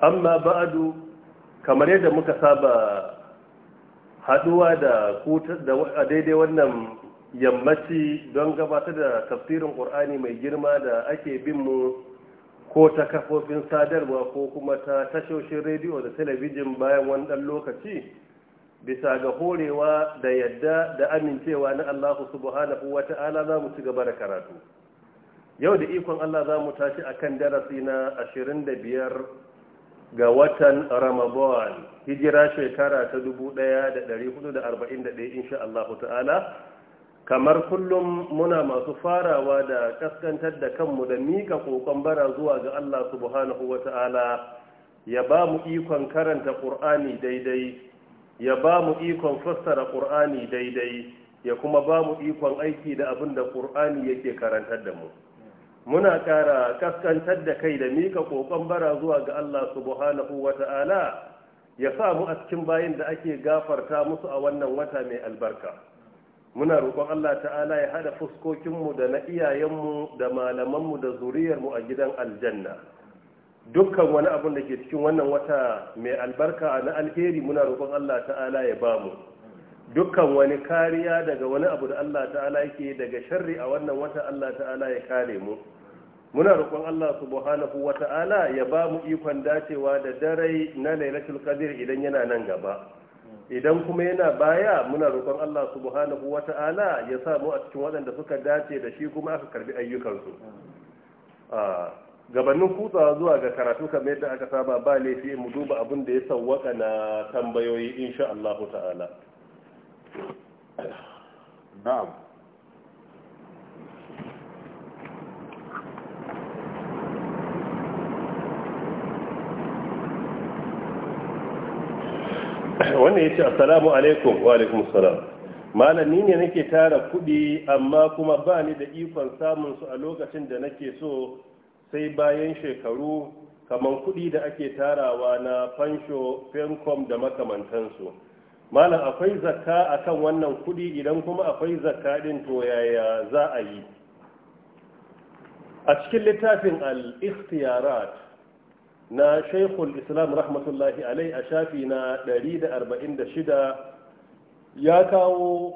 amma ba'adu kamar yadda muka saba haduwa da a daidai wannan yammaci don gabatar da tafsirin ƙur'ani mai girma da ake bin mu ko ta kafofin sadarwa ko kuma ta tashoshin rediyo da talabijin bayan wani ɗan lokaci bisa ga horewa da yadda da amincewa na allahu subhanahu wa ala za mu ci gaba da karatu yau da ikon allah za mu tashi a kan darasi na biyar. ga watan ramadan hijira shekara ta 1441 insha Allah ta'ala kamar kullum muna masu farawa da kaskantar da kanmu da mika kokon bara zuwa ga Allah subhanahu ta'ala, ya ba mu ikon karanta qur'ani daidai ya ba mu ikon fassara qur'ani daidai ya kuma ba mu ikon aiki da abin da qur'ani yake karantar da mu muna ƙara kaskantar da kai da mika ƙoƙon bara zuwa ga Allah subhanahu wa ta'ala ya samu a cikin bayin da ake gafarta musu a wannan wata mai albarka muna roƙon Allah ta'ala ya haɗa fuskokinmu da na iyayenmu da malamanmu da zuriyarmu a gidan aljanna dukkan wani abin da ke cikin wannan wata mai albarka na alheri muna roƙon Allah ta'ala ya ba mu. dukkan wani kariya daga wani abu da Allah ta'ala yake daga sharri a wannan wata Allah ta'ala ya kare mu muna roƙon Allah subhanahu wa ta'ala ya ba mu ikon dacewa da dare na lailatul qadr idan yana nan gaba idan kuma yana baya muna roƙon Allah subhanahu wa ta'ala ya sa mu a cikin waɗanda suka dace da shi kuma aka karbi ayyukansu gabanin kutsawa zuwa ga karatu kamar yadda aka saba ba laifi mu duba abin da ya sawwaka na tambayoyi insha Allah ta'ala نعم wannan ya ce assalamu alaikum wa alaikum salam malami ne nake tara kudi amma kuma ba ni da ikon samun su a lokacin da nake so sai bayan shekaru kamar kudi da ake tarawa na fansho femcom da makamantansu malam akwai zakka akan wannan kudi idan kuma akwai zakka din to yaya za a yi a cikin littafin al-ikhtiyarat na shaykhul islam rahmatullahi alai a shafi na 146 ya kawo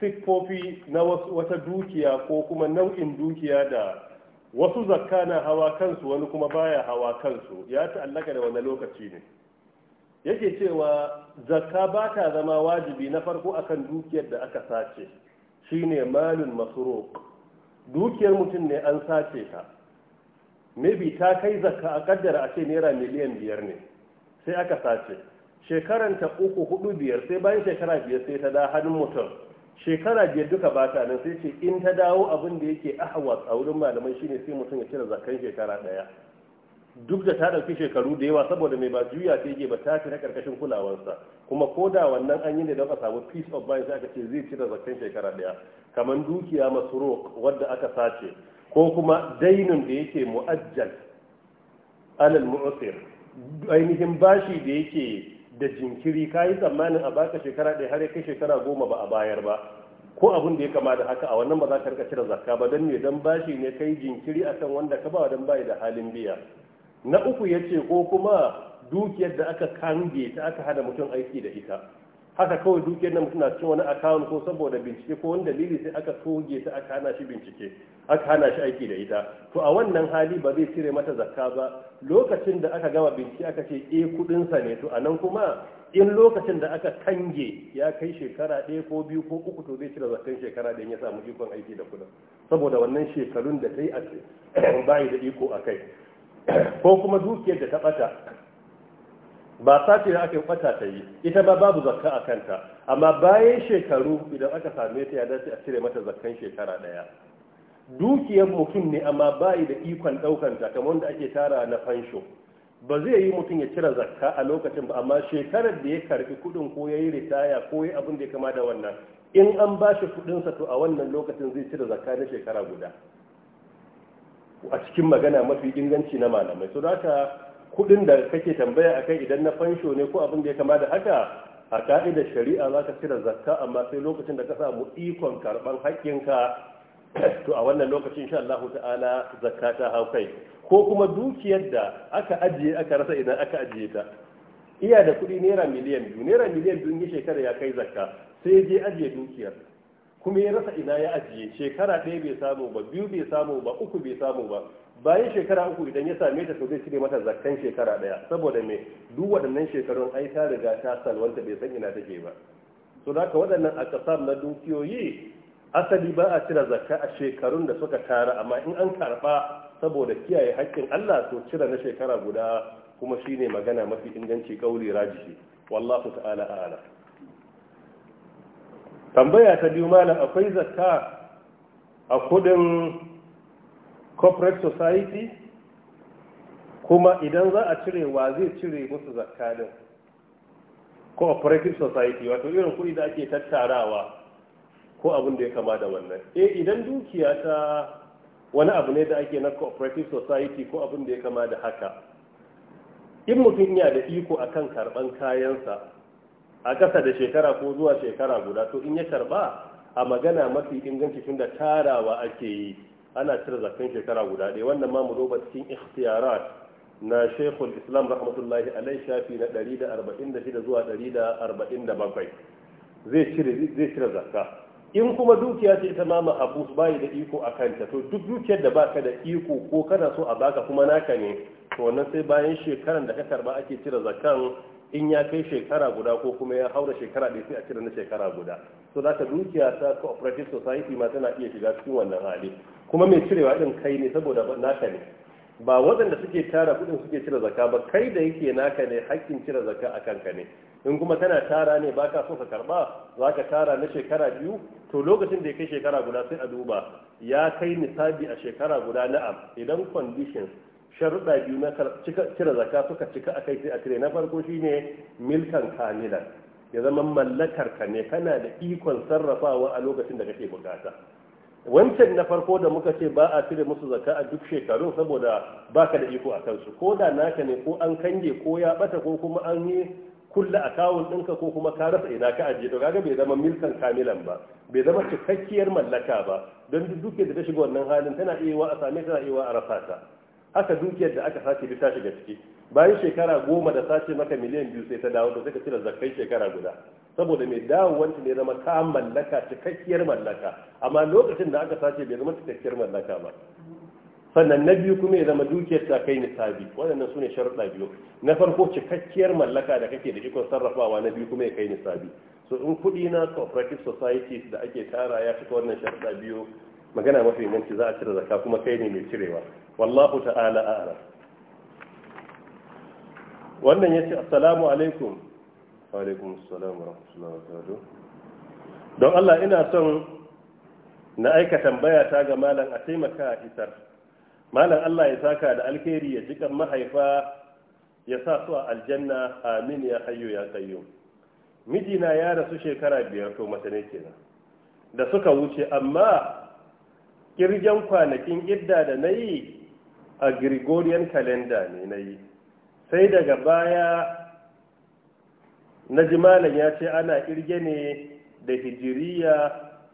siffofi na wata dukiya ko kuma nau'in dukiya da wasu zakka na hawa kansu wani kuma baya hawa kansu ya ta'allaka da wani lokaci ne yake cewa zakka ba ta zama wajibi na farko akan dukiyar da aka sace shine masu masruq dukiyar mutum ne an sace ta maybe ta kai zakka a kaddara a ce naira miliyan biyar ne sai aka sace ta uku hudu biyar sai bayan shekara biyar sai ta da hannun mutum shekara biyar duka ba ta nan sai ce in ta dawo abin da yake ahwas a wurin malamai shine sai mutum ya cire zakkan shekara ɗaya. duk da ta ɗauki shekaru da yawa saboda mai ba juya ta yake ba ta fi na ƙarƙashin kulawarsa kuma ko da wannan an yi ne don a samu peace of mind sai aka ce zai cire zakan shekara ɗaya kamar dukiya masuro wadda aka sace ko kuma dainin da yake mu'ajjal alal mu'asir ainihin bashi da yake da jinkiri ka yi tsammanin a baka shekara ɗaya har ya kai shekara goma ba a bayar ba ko abin da ya kama da haka a wannan ba za ka rika cire zakka ba don ne don bashi ne kai jinkiri akan wanda ka ba don bai da halin biya na uku ya ce ko kuma dukiyar da aka kange ta aka hada mutum aiki da ita haka kawai dukiyar da mutum na cikin wani akawun ko saboda bincike ko wani dalili sai aka toge ta aka hana shi bincike aka hana shi aiki da ita to a wannan hali ba zai cire mata zakka ba lokacin da aka gama bincike aka ce eh kudinsa ne to anan kuma in lokacin da aka kange ya kai shekara ɗaya ko biyu ko uku to zai cire zakkan shekara ɗaya ya samu ikon aiki da kudin saboda wannan shekarun da ta yi a bai da iko a kai ko kuma dukiyar da ta bata ba sati da aka bata ta yi ita ba babu zakka a kanta amma bayan shekaru idan aka same ta ya dace a cire mata zakkan shekara daya dukiyar mutum ne amma bayi da ikon ɗaukanta, kamar wanda ake tara na fansho ba zai yi mutum ya cire zakka a lokacin ba amma shekarar da ya karbi kudin ko ya yi ritaya ko ya abin da ya kama da wannan in an ba shi kudinsa to a wannan lokacin zai cire zakka na shekara guda a cikin magana mafi inganci na malamai so haka kudin da kake tambaya akai idan na fansho ne ko abin da ya kama da haka a ka'idar shari'a za ka cire zakka amma sai lokacin da ka samu ikon karban haƙƙinka to a wannan lokacin insha Allah ta'ala zakka ta hau kai ko kuma dukiyar da aka ajiye aka rasa idan aka ajiye ta iya da kuɗi naira miliyan biyu naira miliyan biyu ne shekara ya kai zakka sai ya je ajiye dukiyar kuma ya rasa ina ya ajiye shekara ɗaya bai samu ba biyu bai samu ba uku bai samu ba bayan shekara uku idan ya same ta to zai cire mata zakkan shekara ɗaya saboda me duk waɗannan shekarun ai ta riga ta salwanta bai san ina take ba to da ka waɗannan akasam na dukiyoyi asali ba a cire zakka a shekarun da suka tara amma in an karɓa saboda kiyaye haƙƙin Allah to cire na shekara guda kuma shine magana mafi inganci kauli rajihi wallahu ta'ala a'lam tambaya ta biyu malam akwai zakka a kudin corporate society kuma idan za a cire wa zai cire musu zakka din cooperative society wato irin kudi da ake tattarawa ko abin da ya kama da wannan eh idan dukiya ta wani abu ne da ake na cooperative society ko abin da ya kama da haka in mutum yana da iko akan karban kayansa a ƙasa da shekara ko zuwa shekara guda to in ya karba a magana mafi inganci tun da tarawa ake yi ana cire zakkan shekara guda ɗaya wannan ma mu roba cikin ikhtiyarat na shekul islam rahmatullahi alai shafi na 146 zuwa 147 zai cire zakka in kuma dukiya ce ita ma abu bayi da iko a kanta to duk dukiyar da baka da iko ko kana so a baka kuma naka ne to wannan sai bayan shekaran da ka karba ake cire zakkan in ya kai shekara guda ko kuma ya haura shekara ɗaya sai a cire na shekara guda so za ka dukiya ta cooperative society ma tana iya shiga cikin wannan hali kuma mai cirewa ɗin kai ne saboda naka ne ba waɗanda suke tara kuɗin suke cire zaka ba kai da yake naka ne hakkin cire zaka a kanka ne in kuma tana tara ne baka so ka karɓa za ka tara na shekara biyu to lokacin da ya kai shekara guda sai a duba ya kai nisabi a shekara guda na'am idan conditions sharuɗa biyu na cire zaka suka cika a kai sai a cire na farko shine milkan kamilan ya zama mallakar ka ne kana da ikon sarrafawa a lokacin da kake bukata wancan na farko da muka ce ba a cire musu zaka a duk shekarun saboda baka da iko a kansu ko da naka ne ko an kange ko ya bata ko kuma an yi kulla akawun ɗinka ko kuma ka rasa ina ka ajiye to kaga bai zama milkan kamilan ba bai zama cikakkiyar mallaka ba don duk duke da ta shiga wannan halin tana iya wa a same tana iya wa a rasa ta haka dukiyar da aka sace bisa ta shiga ciki bayan shekara goma da sace maka miliyan biyu sai ta dawo to sai cire zakai shekara guda saboda mai dawowanta ne zama ta mallaka cikakkiyar mallaka amma lokacin da aka sace bai zama cikakkiyar mallaka ba sannan na biyu kuma ya zama dukiyar ta kai nisabi waɗannan su ne sharuɗa biyu na farko cikakkiyar mallaka da kake da ikon sarrafawa na biyu kuma ya kai nisabi so in kuɗi na cooperative societies da ake tara ya cika wannan sharuɗa biyu magana mafi inganci za a cire zakka kuma kai ne mai cirewa wallahu ta'ala a'lam wannan yace assalamu alaikum wa alaikum assalam wa rahmatullahi wa barakatuh don Allah ina son na aika tambaya ta ga malam a taimaka a isar malam Allah ya saka da alkhairi ya jikan mahaifa ya sa su a aljanna amin ya hayyu ya kayyum mijina ya rasu shekara biyar to mace ne kenan da suka wuce amma kirgen kwanakin idda da na yi a gregorian calendar ne na yi sai daga baya na ji malam ya ce ana irge ne da hijiriya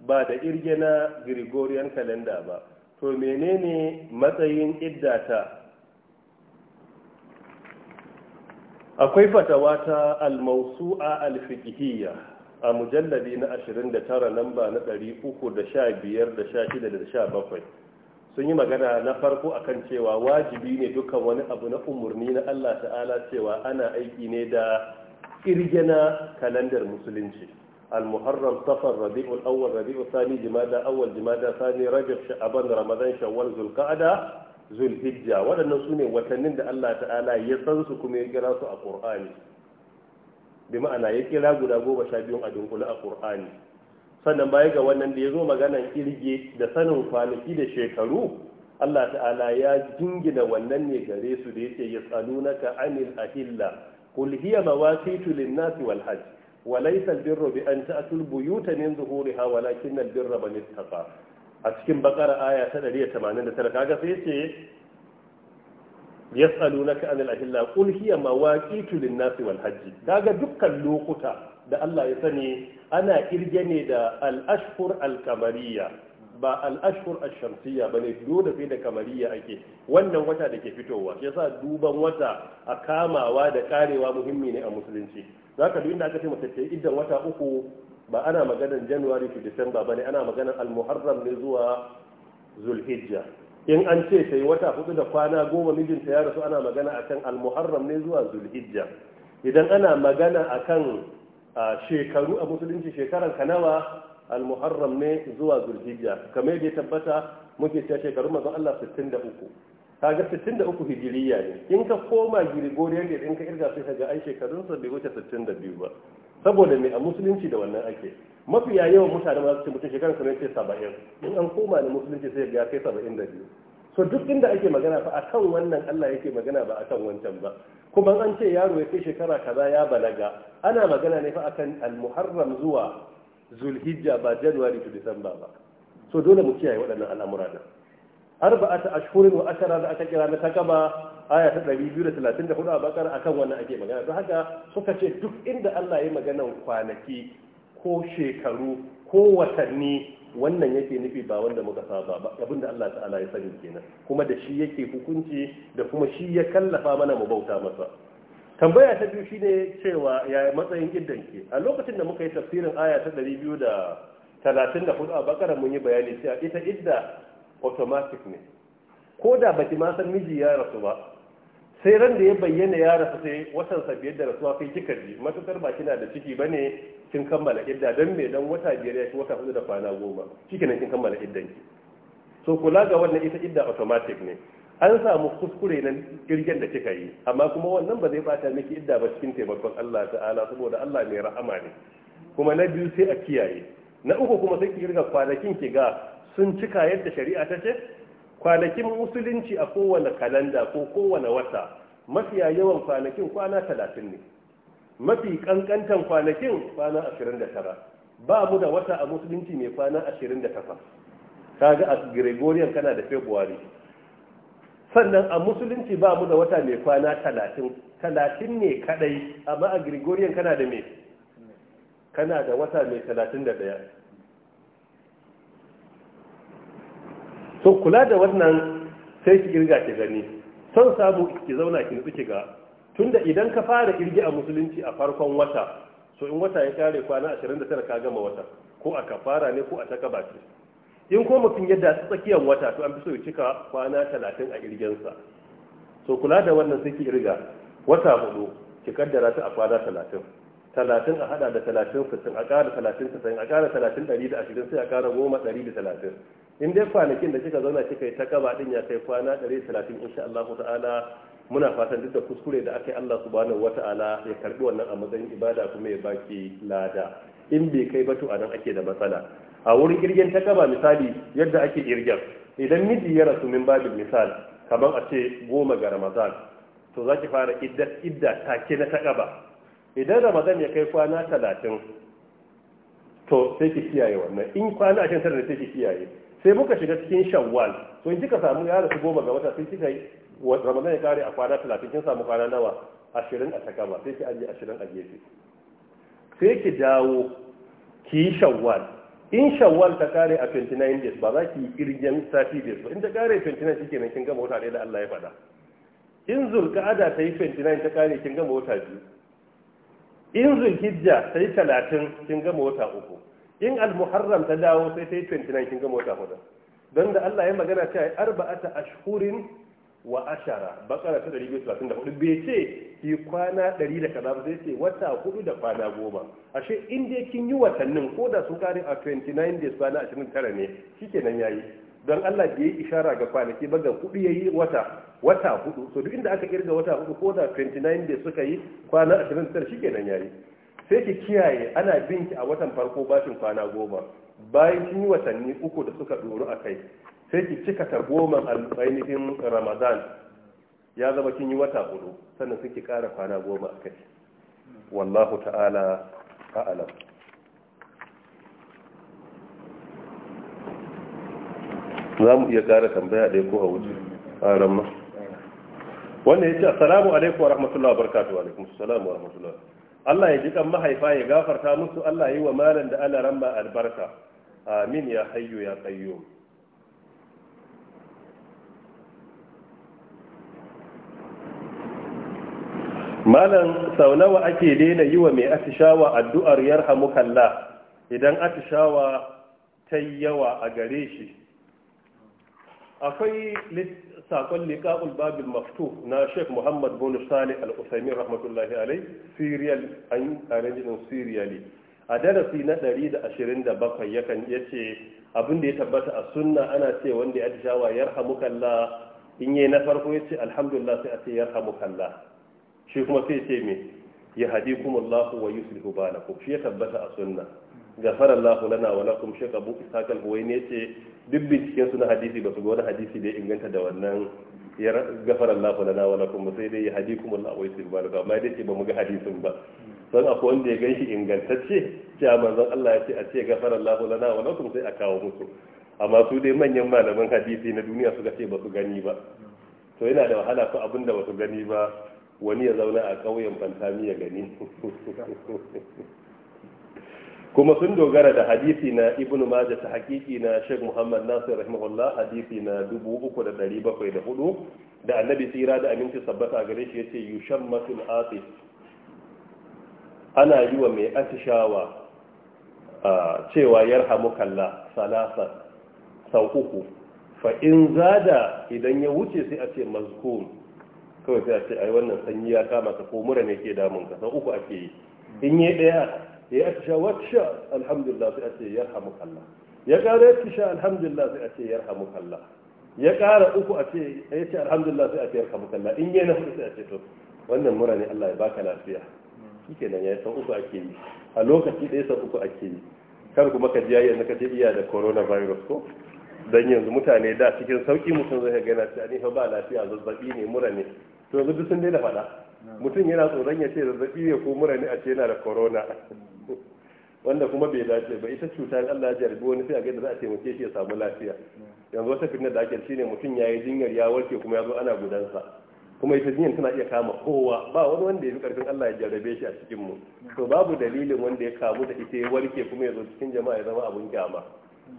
ba da irge na gregorian calendar ba to menene matsayin iddata akwai fatawa ta almausu'a alfiqhiyya a mujalladi na 29 lamba na 315 da 16 da 17 sun yi magana na farko akan cewa wajibi ne dukkan wani abu na umarni na Allah ta'ala cewa ana aiki ne da na kalandar musulunci al-muharram safar rabi'ul awwal rabi'ul thani jimada awwal jimada thani rajab sha'ban ramadan shawwal zulqa'da zulhijja waɗannan su ne watannin da Allah ta'ala ya san su kuma ya kira su a qur'ani bi ma'ana ya kira guda goma sha biyu a dunkule a qur'ani sannan baya ga wannan da ya zo maganan kirge da sanin kwanaki da shekaru Allah ta'ala ya jingina wannan ne gare su da yake yas'alunaka anil ahilla kul hiya mawaqitu lin nas wal hajj wa laysa al-birru bi an ta'tu al-buyuta min zuhuriha walakin al-birra man ittaqa a cikin bakara aya ta 189 kaga sai yace yas'alunaka anil ahilla kul hiya mawaqitu lin nas wal hajj kaga dukkan lokuta da Allah ya sani ana kirge ne da al-ashhur al-kamariya ba al-ashhur shamsiyya ba dole sai da kamariya ake wannan wata da ke fitowa shi yasa duban wata a kamawa da karewa muhimmi ne a musulunci zaka duk inda aka ce mace idan wata uku ba ana maganar January to December ne ana maganar al-Muharram ne zuwa Zulhijja in an ce sai wata hudu da kwana goma mijinta ya rasu ana magana akan al-Muharram ne zuwa Zulhijja idan ana magana akan shekaru a musulunci shekaran ka nawa al-muharram ne zuwa zulhijja kamar yadda tabbata muke cewa shekarun manzon Allah 63 kaga 63 hijiriya ne in ka koma Gregorian da in ka irga sai kaga ai shekarun sa bai wuce 62 ba saboda me a musulunci da wannan ake mafi yawan mutane ma su ce mutum shekaran sa ne ce 70 in an koma ne musulunci sai ga kai 72 so duk inda ake magana fa akan wannan Allah yake magana ba akan wancan ba kuma an ce yaro ya kai shekara kaza ya balaga ana magana ne fa akan al-muharram zuwa zulhijja ba january to december ba so dole mu kiyaye waɗannan al'amura da arba'atu ashhurin wa ashara da aka kira na takaba aya ta 234 a bakar akan wannan ake magana don haka suka ce duk inda Allah ya magana kwanaki ko shekaru ko watanni wannan yake nufi ba wanda muka saba ba abinda Allah ta'ala ya sani kenan kuma da shi yake hukunci da kuma shi ya kallafa mana mu bauta masa tambaya ta biyu shine cewa ya matsayin iddan ke a lokacin da muka yi tafsirin aya ta 234 a bakara mun yi bayani cewa ita idda automatic ne ko da baki ma san miji ya rasu ba sai ran da ya bayyana ya rasu sai watan sa biyar da rasuwa kai kika ji matukar ba kina da ciki ba bane kin kammala idda dan me dan wata biyar ya ci wata hudu da kwana goma shikenan kin kammala iddan ki so kula ga wannan ita idda automatic ne an samu kuskure nan kirgen da kika yi amma kuma wannan ba zai bata miki idda ba cikin taimakon Allah ta'ala saboda Allah mai rahama ne kuma na biyu sai a kiyaye na uku kuma sai ki kirga kwanakin ki ga sun cika yadda shari'a ta ce kwanakin musulunci a kowane kalanda ko kowane wata mafi yawan kwanakin kwana talatin ne mafi kankantan kwanakin kwana ashirin da tara ba mu da wata a musulunci mai kwana ashirin da takwas kaga a gregorian kana da february sannan a musulunci ba mu da wata mai kwana talatin talatin ne kadai amma a gregorian kana da mai kana da wata mai talatin da daya to kula da wannan sai ki girga ki gani son samu ki zauna ki nutsu ki ga tunda idan ka fara kirgi a musulunci a farkon wata so in wata ya kare kwana 29 ka gama wata ko a kafara ne ko a takaba ce in ko mutum yadda ta tsakiyar wata to an fi so ya cika kwana 30 a kirgensa so kula da wannan sai ki kirga wata hudu ki kaddara ta a kwana 30 talatin a hada da talatin fitin a ƙara talatin sittin a ƙara talatin ɗari da ashirin sai a ƙara goma ɗari da talatin in dai kwanakin da kika zauna kika yi ta kaba din ya kai kwana 130 insha Allah ta'ala muna fatan duk da kuskure da aka yi Allah subhanahu wata'ala ya karbi wannan a matsayin ibada kuma ya baki lada in bai kai ba to anan ake da matsala a wurin kirgin ta kaba misali yadda ake kirgin idan miji ya rasu min babin misal kamar a ce goma ga ramadan to za ki fara idda take na ta kaba idan ramadan ya kai kwana talatin to sai ki kiyaye wannan in kwana ashirin tara da sai ki kiyaye sai muka shiga cikin shawwal to in kika samu ya rasu goma ga wata sai kika yi ramadan ya kare a kwana talatin kin samu kwana nawa ashirin a takaba sai ki ajiye ashirin a gefe sai ki dawo ki yi shawwal in shawwal ta kare a 29 days ba za ki yi kirgin 30 days ba in ta kare 29 shi kenan kin gama wata ɗaya da Allah ya faɗa in zulqa'ada ta yi 29 ta kare kin gama wata biyu in zulhijja ta yi 30 kin gama wata uku in al-muharram ta dawo sai ta yi 29 kin ga mota hudu don da Allah ya magana cewa arba'ata ashhurin wa ashara bakara ta 234 bai ce ki kwana 100 da kaza ba sai ce wata hudu da kwana goma ashe in dai kin yi watannin ko da sun kare a 29 days kwana 29 ne shikenan yayi don Allah bai yi ishara ga kwanaki ba ga hudu yayi wata wata hudu so duk inda aka kirga wata hudu ko da 29 days suka yi kwana 29 shikenan yayi sai ki kiyaye ana bin ki a watan farko bashin kwana goma bayan kin yi watanni uku da suka doru a kai sai ki cika ta goma ainihin ramadan ya zama kin yi wata hudu sannan sai ki kara kwana goma a kai wallahu ta'ala a'lam za mu iya kara tambaya ɗaya ko a wuce ƙaramma wanda wannan ya ce assalamu alaikum wa rahmatullahi wa barakatuhu alaikum assalamu wa rahmatullahi Allah ya ji kan mahaifa ya gafarta musu Allah yi wa malam da ana ramma albarka amin ya hayyu ya qayyum malam sau nawa ake daina yi wa mai atishawa addu'ar yarhamukallah idan atishawa ta yawa a gare shi akwai sakon liqa'ul babil maftu na Sheikh Muhammad bin Salih Al-Utsaimin rahmatullahi alayh serial an arrangement siriyali a darasi na 127 yakan yace abin da ya tabbata a sunna ana ce wanda ya atishawa kalla in yayi na farko yace alhamdulillah sai a ce kalla shi kuma sai ce me ya hadikumullahu wa yuslihu balakum shi ya tabbata a sunna gafara Allah lana wa lakum shaykh Abu Ishaq al-Huwayni yace duk binciken su na hadisi ba su ga wani hadisi da ya inganta da wannan ya gafara Allah lana wa lakum sai dai ya hadikum Allah wa yusir baraka amma dai ce ba mu ga hadisin ba san akwai wanda ya ganshi ingantacce a manzon Allah ya ce a ce gafara Allah lana wa lakum sai a kawo musu amma su dai manyan malaman hadisi na duniya suka ce ba su gani ba to yana da wahala ko abinda ba su gani ba wani ya zauna a ƙauyen fantami ya gani kuma sun dogara da hadisi na ibnu majah ta hakiki na sheikh muhammad nasir rahimahullah hadisi na 3704 da annabi tsira da aminci sabbata gare shi yace yushammatul atif ana yiwa wa mai atishawa cewa kalla', salasa sau uku fa in zada idan ya wuce sai a ce mazkum kawai sai a ce ai wannan sanyi ya kama ka ko mura ne ke damun ka sau uku ake yi in yi daya ya atisha wacce alhamdulillah sai a ce yarhamuka Allah ya ƙara sha alhamdulillah sai a ce yarhamuka Allah ya ƙara uku a ce ya ce alhamdulillah sai a ce yarhamuka Allah in yana hudu sai a ce to wannan mura ne Allah ya baka lafiya shikenan ya sau uku ake yi a lokaci ɗaya sau uku ake yi kar kuma ka ji yanzu ka ce iya da coronavirus ko dan yanzu mutane da cikin sauki mutum zai ga yana cewa ba lafiya zazzabi ne mura ne to yanzu duk sun daina faɗa mutum yana tsoron ya ce zazzabi ya ko murani a ce yana da korona wanda kuma bai dace ba ita cuta in Allah ya jarbi wani sai a ga da za a taimake shi ya samu lafiya yanzu wata fitnar da ake shine mutum ya yi jinyar ya warke kuma ya zo ana gudansa kuma ita jinyar tana iya kama kowa ba wani wanda ya fi karfin Allah ya jarrabe shi a cikin mu to babu dalilin wanda ya kamu da ita ya warke kuma ya zo cikin jama'a ya zama abun kyama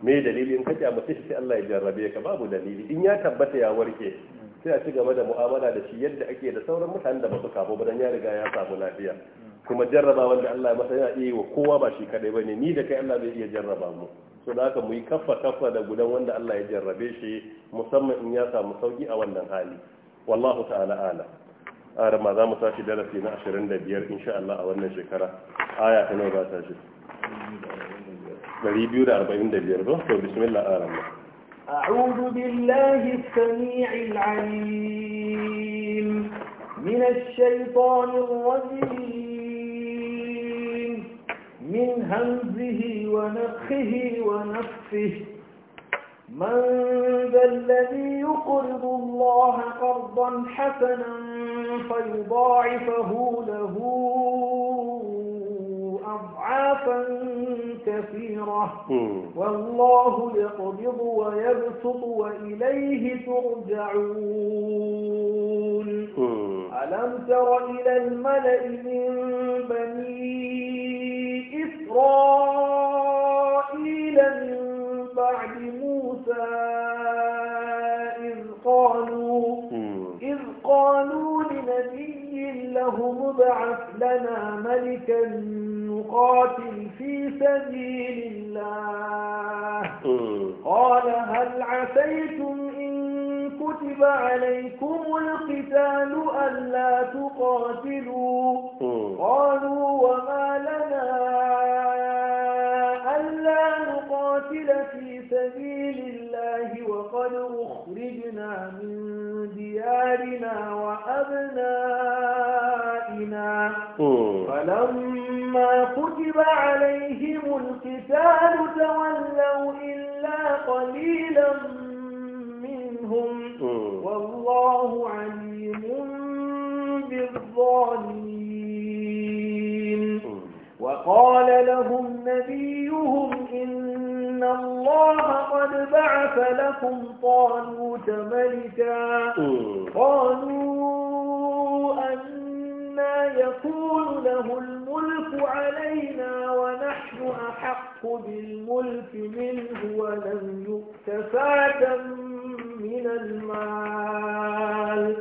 me dalili in ka kyamace shi sai Allah ya jarrabe ka babu dalili in ya tabbata ya warke sai a ci gaba da mu'amala da shi yadda ake da sauran mutanen da ba su kafo ba dan ya riga ya samu lafiya kuma jarraba wanda Allah ya masa yana iya wa kowa ba shi kadai bane ni da kai Allah zai iya jarraba mu so da haka mu yi kaffa kaffa da gudan wanda Allah ya jarrabe shi musamman in ya samu sauki a wannan hali wallahu ta'ala ala a rama za mu tashi darasi na 25 insha Allah a wannan shekara aya ta nawa ba ta shi 245 ba to bismillah a rama أعوذ بالله السميع العليم من الشيطان الرجيم من همزه ونفخه ونفسه من ذا الذي يقرض الله قرضا حسنا فيضاعفه له أضعافا كثيرة والله يقبض ويبسط وإليه ترجعون ألم تر إلى الملأ من بني إسرائيل من بعد موسى إذ قالوا, إذ قالوا لنبي قل لهم ابعث لنا ملكا نقاتل في سبيل الله قال هل عسيتم إن كتب عليكم القتال ألا تقاتلوا قالوا وما لنا ألا نقاتل في سبيل الله وقد أخرجنا من ديارنا وأبنائنا فلما كتب عليهم القتال تولوا إلا قليلا منهم والله عليم بالظالمين وقال لهم نبيهم إن إن الله قد بعث لكم طالوت ملكا قالوا أنا يكون له الملك علينا ونحن أحق بالملك منه ولم يؤت من المال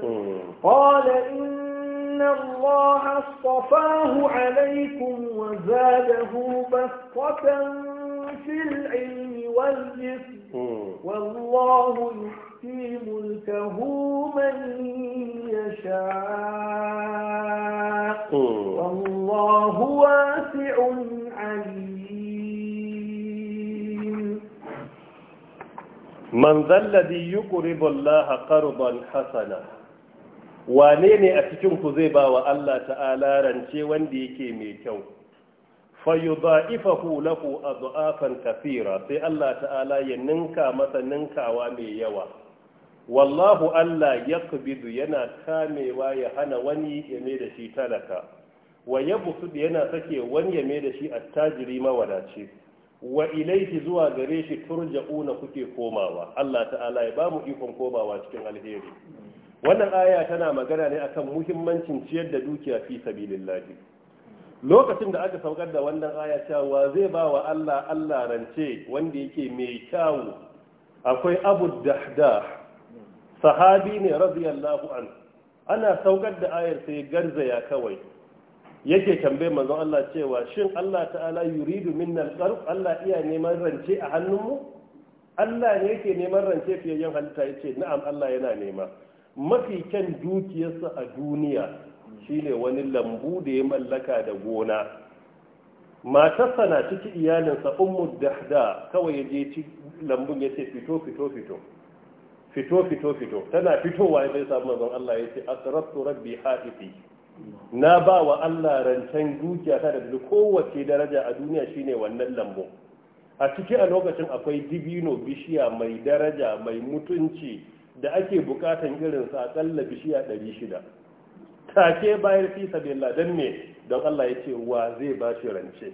قال إن إن الله اصطفاه عليكم وزاده بسطة في العلم والجسم والله يؤتي ملكه من يشاء والله واسع عليم من ذا الذي يقرض الله قرضا حسنا wane ne a cikin ku zai ba wa Allah ta'ala rance wanda yake mai kyau fayudha'ifahu lahu zu'afan kafira, sai Allah ta'ala ya ninka masa ninkawa mai yawa wallahu Allah yaqbidu yana kamewa ya hana wani ya mai da shi talaka wa yabsud yana sake wani ya mai da shi attajiri mawadaci wa ilaihi zuwa gare shi turja'una kuke komawa Allah ta'ala ya ba mu ikon komawa cikin alheri wannan aya tana magana ne akan muhimmancin ciyar da dukiya fi sabilillahi lokacin da aka saukar da wannan aya cewa zai ba wa Allah Allah rance wanda yake mai kyawu akwai Abu Dahdah sahabi ne radiyallahu an ana saukar da ayar sai garzaya kawai yake tambaye manzon Allah cewa shin Allah ta'ala yuridu minnal qarf Allah iya neman rance a hannunmu Allah ne yake neman rance fiye yin halitta yace na'am Allah yana nema mafi kyan dukiyarsa a duniya shine wani lambu da ya mallaka da gona matarsa na ciki iyalinsa ummu dahda kawai ya je ci lambun ya ce fito fito fito fito fito fito tana fitowa ya bai samu manzon Allah ya ce asrartu rabbi haifi na ba wa Allah rancen dukiya ta da kowace daraja a duniya shine wannan lambu a ciki a lokacin akwai dibino bishiya mai daraja mai mutunci da ake bukatan irinsa akalla bishiya 600 ke bayar fi sabilla don ne don Allah ya ce wa zai ba shi rance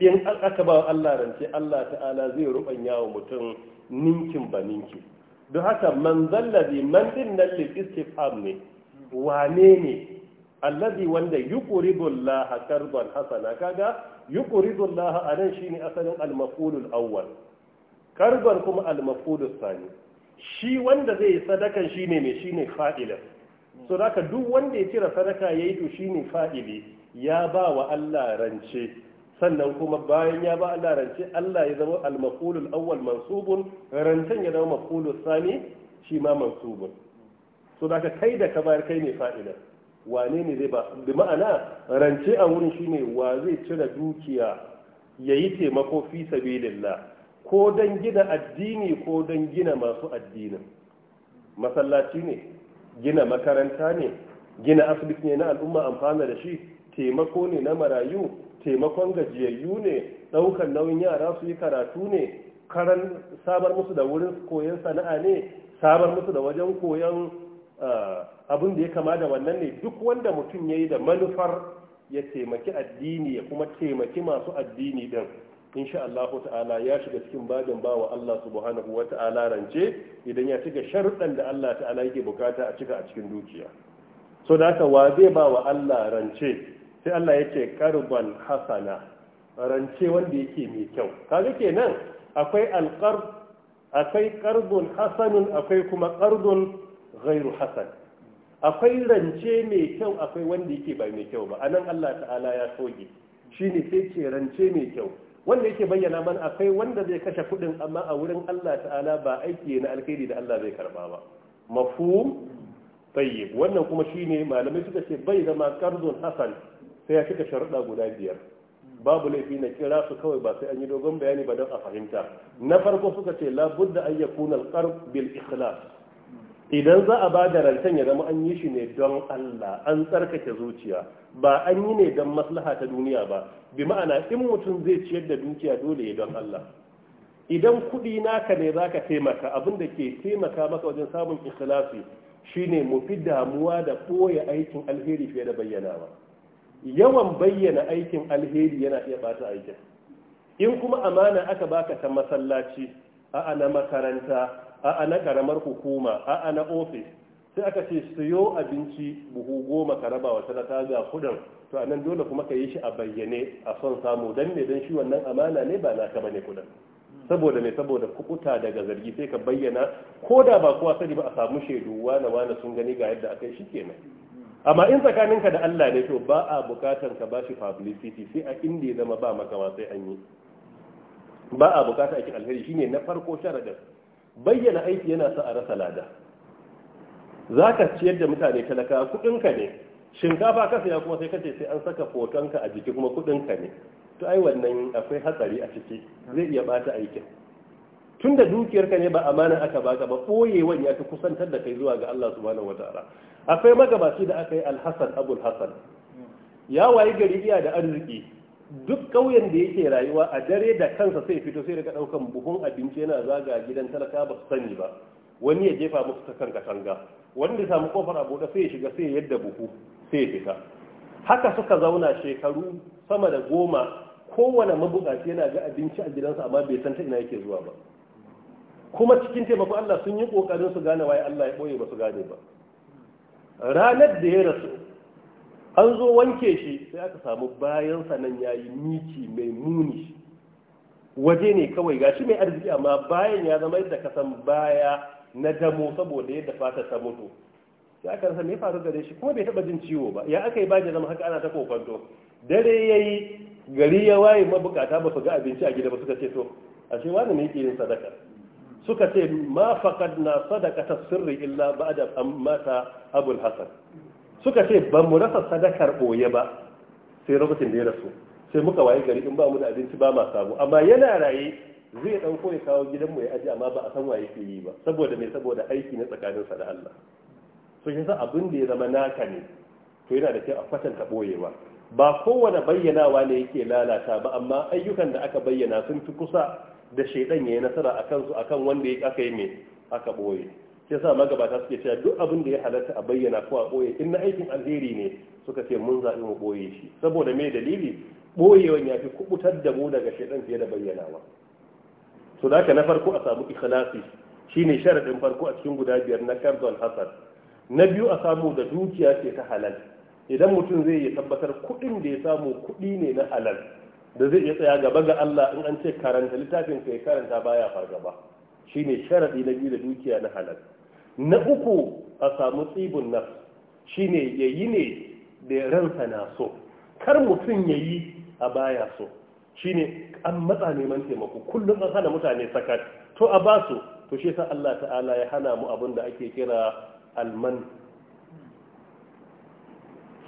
in aka ba Allah rance Allah ta'ala zai rubanya wa mutum ninkin ba ninki don haka man mandin man din nan lil fam ne wane ne allazi wanda yuqridu Allah karbon hasana kaga a nan shi ne asalin almakulun auwal awwal kuma almakulun Sani. shi wanda zai sadakan shi ne mai shi ne fa'ila so haka duk wanda ya cire sadaka ya yi to shi ne fa'ili ya ba wa Allah rance sannan kuma bayan ya ba Allah rance Allah ya zama al-maqulul awwal mansubun rancen ya zama maqulul sani shi ma mansubun so haka kai da ka bayar kai ne fa'ila wane ne zai ba da ma'ana rance a wurin shi ne wa zai cire dukiya ya yi taimako fi sabilillah ko don gina addini ko don gina masu addinin masallaci ne gina makaranta ne gina asibiti ne na al'umma amfana da shi taimako ne na marayu taimakon gajiyayyu ne ɗaukar nauyin yara su yi karatu ne karan sabar musu da wurin koyon sana'a ne sabar musu da wajen koyon abin da ya kama da wannan ne duk wanda mutum ya yi da manufar ya taimaki addini ya kuma taimaki masu addini din in sha Allah ta'ala ya shiga cikin babin bawa Allah subhanahu wa ta'ala rance idan ya cika sharuɗan da Allah ta'ala yake bukata a cika a cikin dukiya so da haka wa zai bawa Allah rance sai Allah yake karban hasana rance wanda yake mai kyau kaga kenan akwai alqarb akwai qardun hasanun akwai kuma qardun ghairu hasan akwai rance mai kyau akwai wanda yake ba mai kyau ba anan Allah ta'ala ya soge shine sai ce rance mai kyau wanda yake bayyana mana akwai wanda zai kashe kudin amma a wurin Allah ta'ala ba aiki na alkhairi da Allah zai karba ba mafhum tayyib wannan kuma shine malamai suka ce bai zama qarzun hasan sai ya cika sharuɗa guda biyar babu laifi na kira su kawai ba sai an yi dogon bayani ba don a fahimta na farko suka ce labudda an yakuna al bil ikhlas idan za a ba da rantan ya zama an yi shi ne don Allah an tsarkake zuciya ba an yi ne don maslaha ta duniya ba bi ma'ana in mutum zai ciyar da dukiya dole ya don Allah idan kuɗi naka ne za ka taimaka abin da ke taimaka maka wajen samun ikhlasi shine mu fi damuwa da ɓoye aikin alheri fiye da bayyanawa yawan bayyana aikin alheri yana iya bata aikin in kuma amana aka baka ta masallaci a'a na makaranta a'a na karamar hukuma a'a na ofis sai aka ce siyo abinci buhu goma ka raba wa talaka ga kudin to a nan dole kuma ka yi shi a bayyane a son samu dan ne dan shi wannan amana ne ba naka bane kudin saboda mai saboda kukuta daga zargi sai ka bayyana ko da ba kowa sani ba a samu shaidu wane wane sun gani ga yadda aka yi shi kenan amma in tsakaninka da Allah ne to ba a bukatan ka bashi publicity sai a inda ya zama ba makawa sai an yi ba a bukata aikin alheri shine na farko sharadin bayyana aiki yana sa a rasa lada za ka ciyar da mutane talaka kudinka ne shinkafa ka saya kuma sai ka ce sai an saka fotonka a jiki kuma kudinka ne to ai wannan akwai hatsari a ciki zai iya bata aikin tun da dukiyarka ne ba amana aka baka ba ɓoyewan ya fi kusantar da kai zuwa ga Allah subhanahu wataala akwai magabaci da aka yi alhassan abul hassan ya wayi gari iya da arziki duk ƙauyen da yake rayuwa a dare da kansa sai fito sai daga ɗaukan buhun abinci yana zaga gidan talaka ba su sani ba wani ya jefa musu ta kan katanga Wani ya samu kofar a buɗe sai ya shiga sai yadda buhu sai ya fita haka suka zauna shekaru sama da goma kowane mabukaci yana ga abinci a gidansa amma bai san ta ina yake zuwa ba kuma cikin taimakon Allah sun yi kokarin su gane waye Allah ya boye ba su gane ba ranar da ya rasu an zo wanke shi sai aka samu bayansa nan ya yi miki mai muni waje ne kawai gashi mai arziki amma bayan ya zama yadda kasan baya na damo saboda yadda fata ta mutu sai aka rasa me faru gare shi kuma bai taba jin ciwo ba ya aka yi baje zama haka ana ta kokonto dare yayi gari ya waye mabukata ba su ga abinci a gida ba suka ce to ashe wani ne yake yin sadaka suka ce ma faqadna sadaqata sirri illa ba'da amma ta abul hasan suka ce ba mu rasa sadakar ɓoye ba sai lokacin da ya rasu sai muka waye gari in ba mu da abinci ba ma samu amma yana raye zai ɗauko ya kawo gidan mu ya aji amma ba a san waye ke yi ba saboda me saboda aiki na sa da Allah so shi sa abin da ya zama naka ne to yana da kyau a kwatanta ɓoyewa ba kowane bayyanawa ne yake lalata ba amma ayyukan da aka bayyana sun fi kusa da shaidan ya yi nasara a kansu akan wanda aka yi me aka ɓoye sai sa magabata suke cewa duk abin da ya halatta a bayyana ko a ɓoye in na aikin alheri ne suka ce mun zaɓi mu ɓoye shi saboda me dalili ɓoyewan ya fi kubutar da mu daga shaidan fiye da bayyanawa su da na farko a samu ikhlasi shine sharaɗin farko a cikin guda biyar na kardon hasan na biyu a samu da dukiya ce ta halal idan mutum zai yi tabbatar kuɗin da ya samu kuɗi ne na halal da zai iya tsaya gaba ga Allah in an ce karanta littafin ka ya karanta baya fargaba shine sharaɗi na biyu da dukiya na halal na uku a samu tsibin ne ya yi ne da ransa na so kar mutum ya yi a baya so shi ne an matsa neman taimako kullum an hana mutane sakat to a ba su to shi sa Allah ta'ala ya hana mu abin da ake kira alman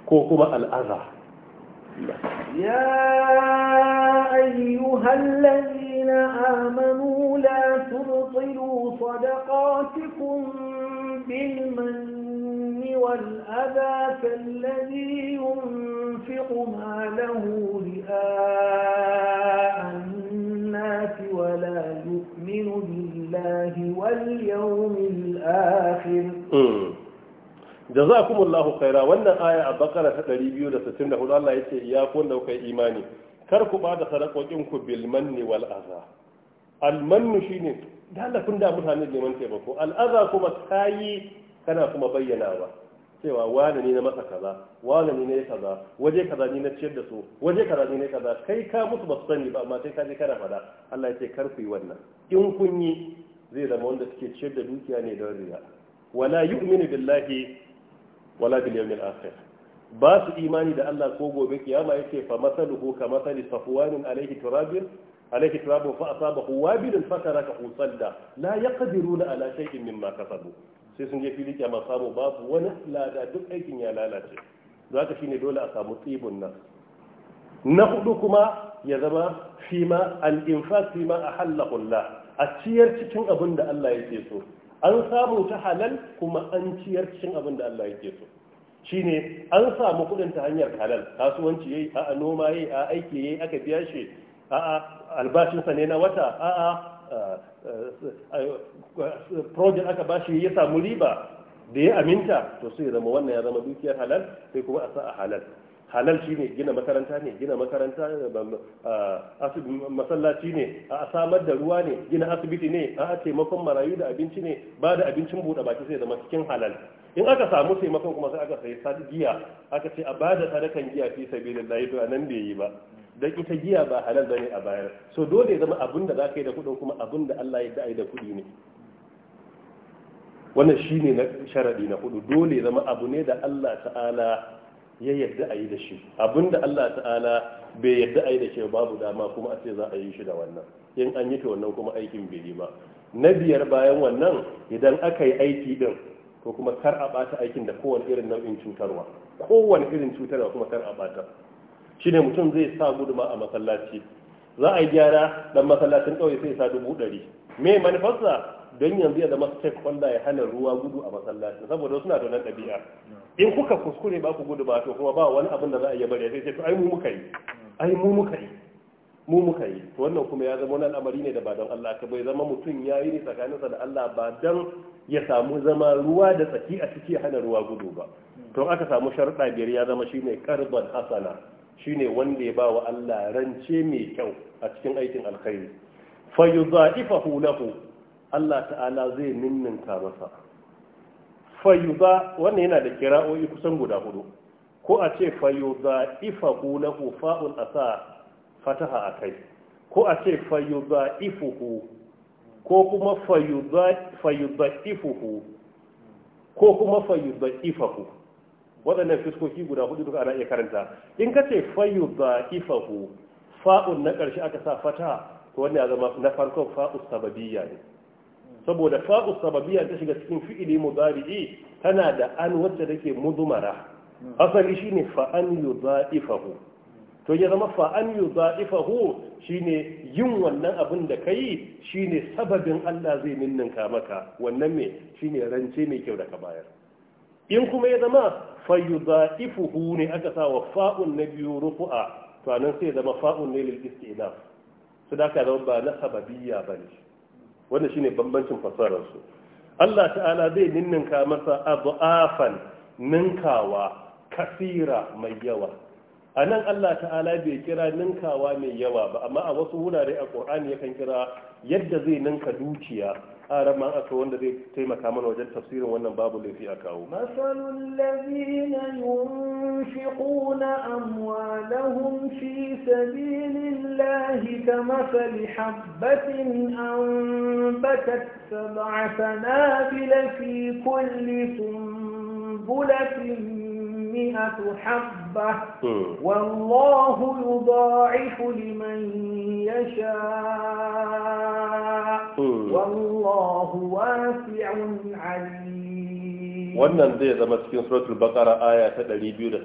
ko kuma al'aza يا أيها الذين آمنوا لا تبطلوا صدقاتكم بالمن والأذى فالذي ينفق ماله رئاء الناس ولا يؤمن بالله واليوم الآخر jazakumullahu khaira wannan aya a bakara ta 264 Allah yace ya ku wanda kuka imani kar ku bada sadakokin ku bil manni wal adha al mannu shine dalafin da mutane neman taimako al adha kuma kayi kana kuma bayyana ba cewa wani ne na masa kaza wani ne na kaza waje kaza ne na ciyar da su waje kaza ne na kaza kai ka musu ba su sani ba amma sai ka je kana fada Allah ya ce kar ku yi wannan in kun yi zai zama wanda suke ciyar da dukiya ne don riya wala yu'minu billahi wala bil yawmil akhir ba su imani da Allah ko gobe kiyama yake fa masaluhu ka masali safwanin alayhi turabin alayhi turabin fa asabahu wabilun fataraka usalla la yaqdiruna ala shay'in mimma kasabu sai sun je fili kiyama samu babu wani lada duk aikin ya lalace zaka shine dole a samu tsibun nan na hudu kuma ya zama fima al-infaq fima ahalla Allah a ciyar cikin abin da Allah yake so an samu ta halal kuma an ciyar cikin abin da Allah yake so ne an samu kuɗin ta hanyar halal kasuwanci yayi a noma yayi a aiki yayi aka biya shi a albashinsa ne na wata a a project aka shi ya samu riba da ya aminta to sai zama wannan ya zama dukiyar halal sai kuma a sa a halal halal shi ne gina makaranta ne gina makaranta masallaci ne a samar da ruwa ne gina asibiti ne a taimakon marayu da abinci ne ba da abincin buɗe baki sai zama cikin halal in aka samu taimakon kuma sai aka sadi giya aka ce a ba da sadakan giya fi layi to anan bai yi ba dan ita giya ba halal bane a bayar so dole ya zama abin da zaka yi da kudin kuma abin da Allah ya da'i da kuɗi ne wannan shine na sharadi na hudu dole zama abu ne da Allah ta'ala ya yadda a yi da shi abinda Allah ta'ala bai yadda a yi da shi ba babu dama kuma a ce za a yi shi da wannan in an yi ta wannan kuma aikin bai yi ba na biyar bayan wannan idan aka yi aiki din ko kuma kar a bata aikin da kowane irin nau'in cutarwa kowane irin cutarwa kuma kar a bata ne mutum zai sa guduma a masallaci za a yi gyara dan masallacin kauye sai sa dubu ɗari me manufarsa don yanzu ya zama step wanda ya hana ruwa gudu a masallacin, saboda suna da nan ɗabi'a in kuka kuskure ba ku gudu ba to kuma ba wani abin da za a yi bari sai to ai mu muka yi ai mu muka yi mu muka yi to wannan kuma ya zama wani al'amari ne da ba don Allah ka bai zama mutum ya yi tsakanin tsakaninsa da Allah ba don ya samu zama ruwa da tsaki a ciki hana ruwa gudu ba to aka samu sharɗa biyar ya zama shine karban hasana shine wanda ya ba wa Allah rance mai kyau a cikin aikin alkhairi fa yudha'ifahu lahu Allah ta'ala zai ninninka masa fayuza wannan yana da kira'o'i kusan guda hudu ko a ce fayuza ifahu lahu fa'ul asa fataha akai ko a ce fayuza ifuhu ko kuma fayuza ifuhu ko kuma fayuza ifahu waɗannan fiskoki guda hudu duka ana iya karanta in ka ce fayuza ifahu fa'un na ƙarshe aka sa fataha to wannan ya zama na farkon fa'us sababiyya ne saboda fa'u sababiyya ta shiga cikin fi'ili mudari'i tana da an wacce take muzumara. asali shine fa'an an za'ifahu. to ya zama fa za'ifahu shi ne yin wannan abin da shi ne sababin Allah zai ninninka maka wannan me ne rance mai kyau da ka bayar in kuma ya zama fa za'ifuhu ne aka sa wa fa'un na biyu rufu'a to nan sai zama fa'un ne lil da sadaka zama ba na ba bane wannan shine bambancin fasarar su Allah ta'ala zai ninninka masa abu'afan ninkawa kasira mai yawa anan Allah ta'ala bai kira ninkawa mai yawa ba amma a wasu wurare a Qur'ani yakan kira yadda zai ninka dukiya aran ma aka wanda zai taimaka mana wajen tafsirin wannan babu laifi a kawo masalul ladina yunfiquna amwalahum fi sabilillahi kamathali habbatin anbatat sab'a sanabila fi kulli sunbulatin مئة حبة والله يضاعف لمن يشاء والله واسع عليم wannan zai zama cikin suratul baqara aya ta 261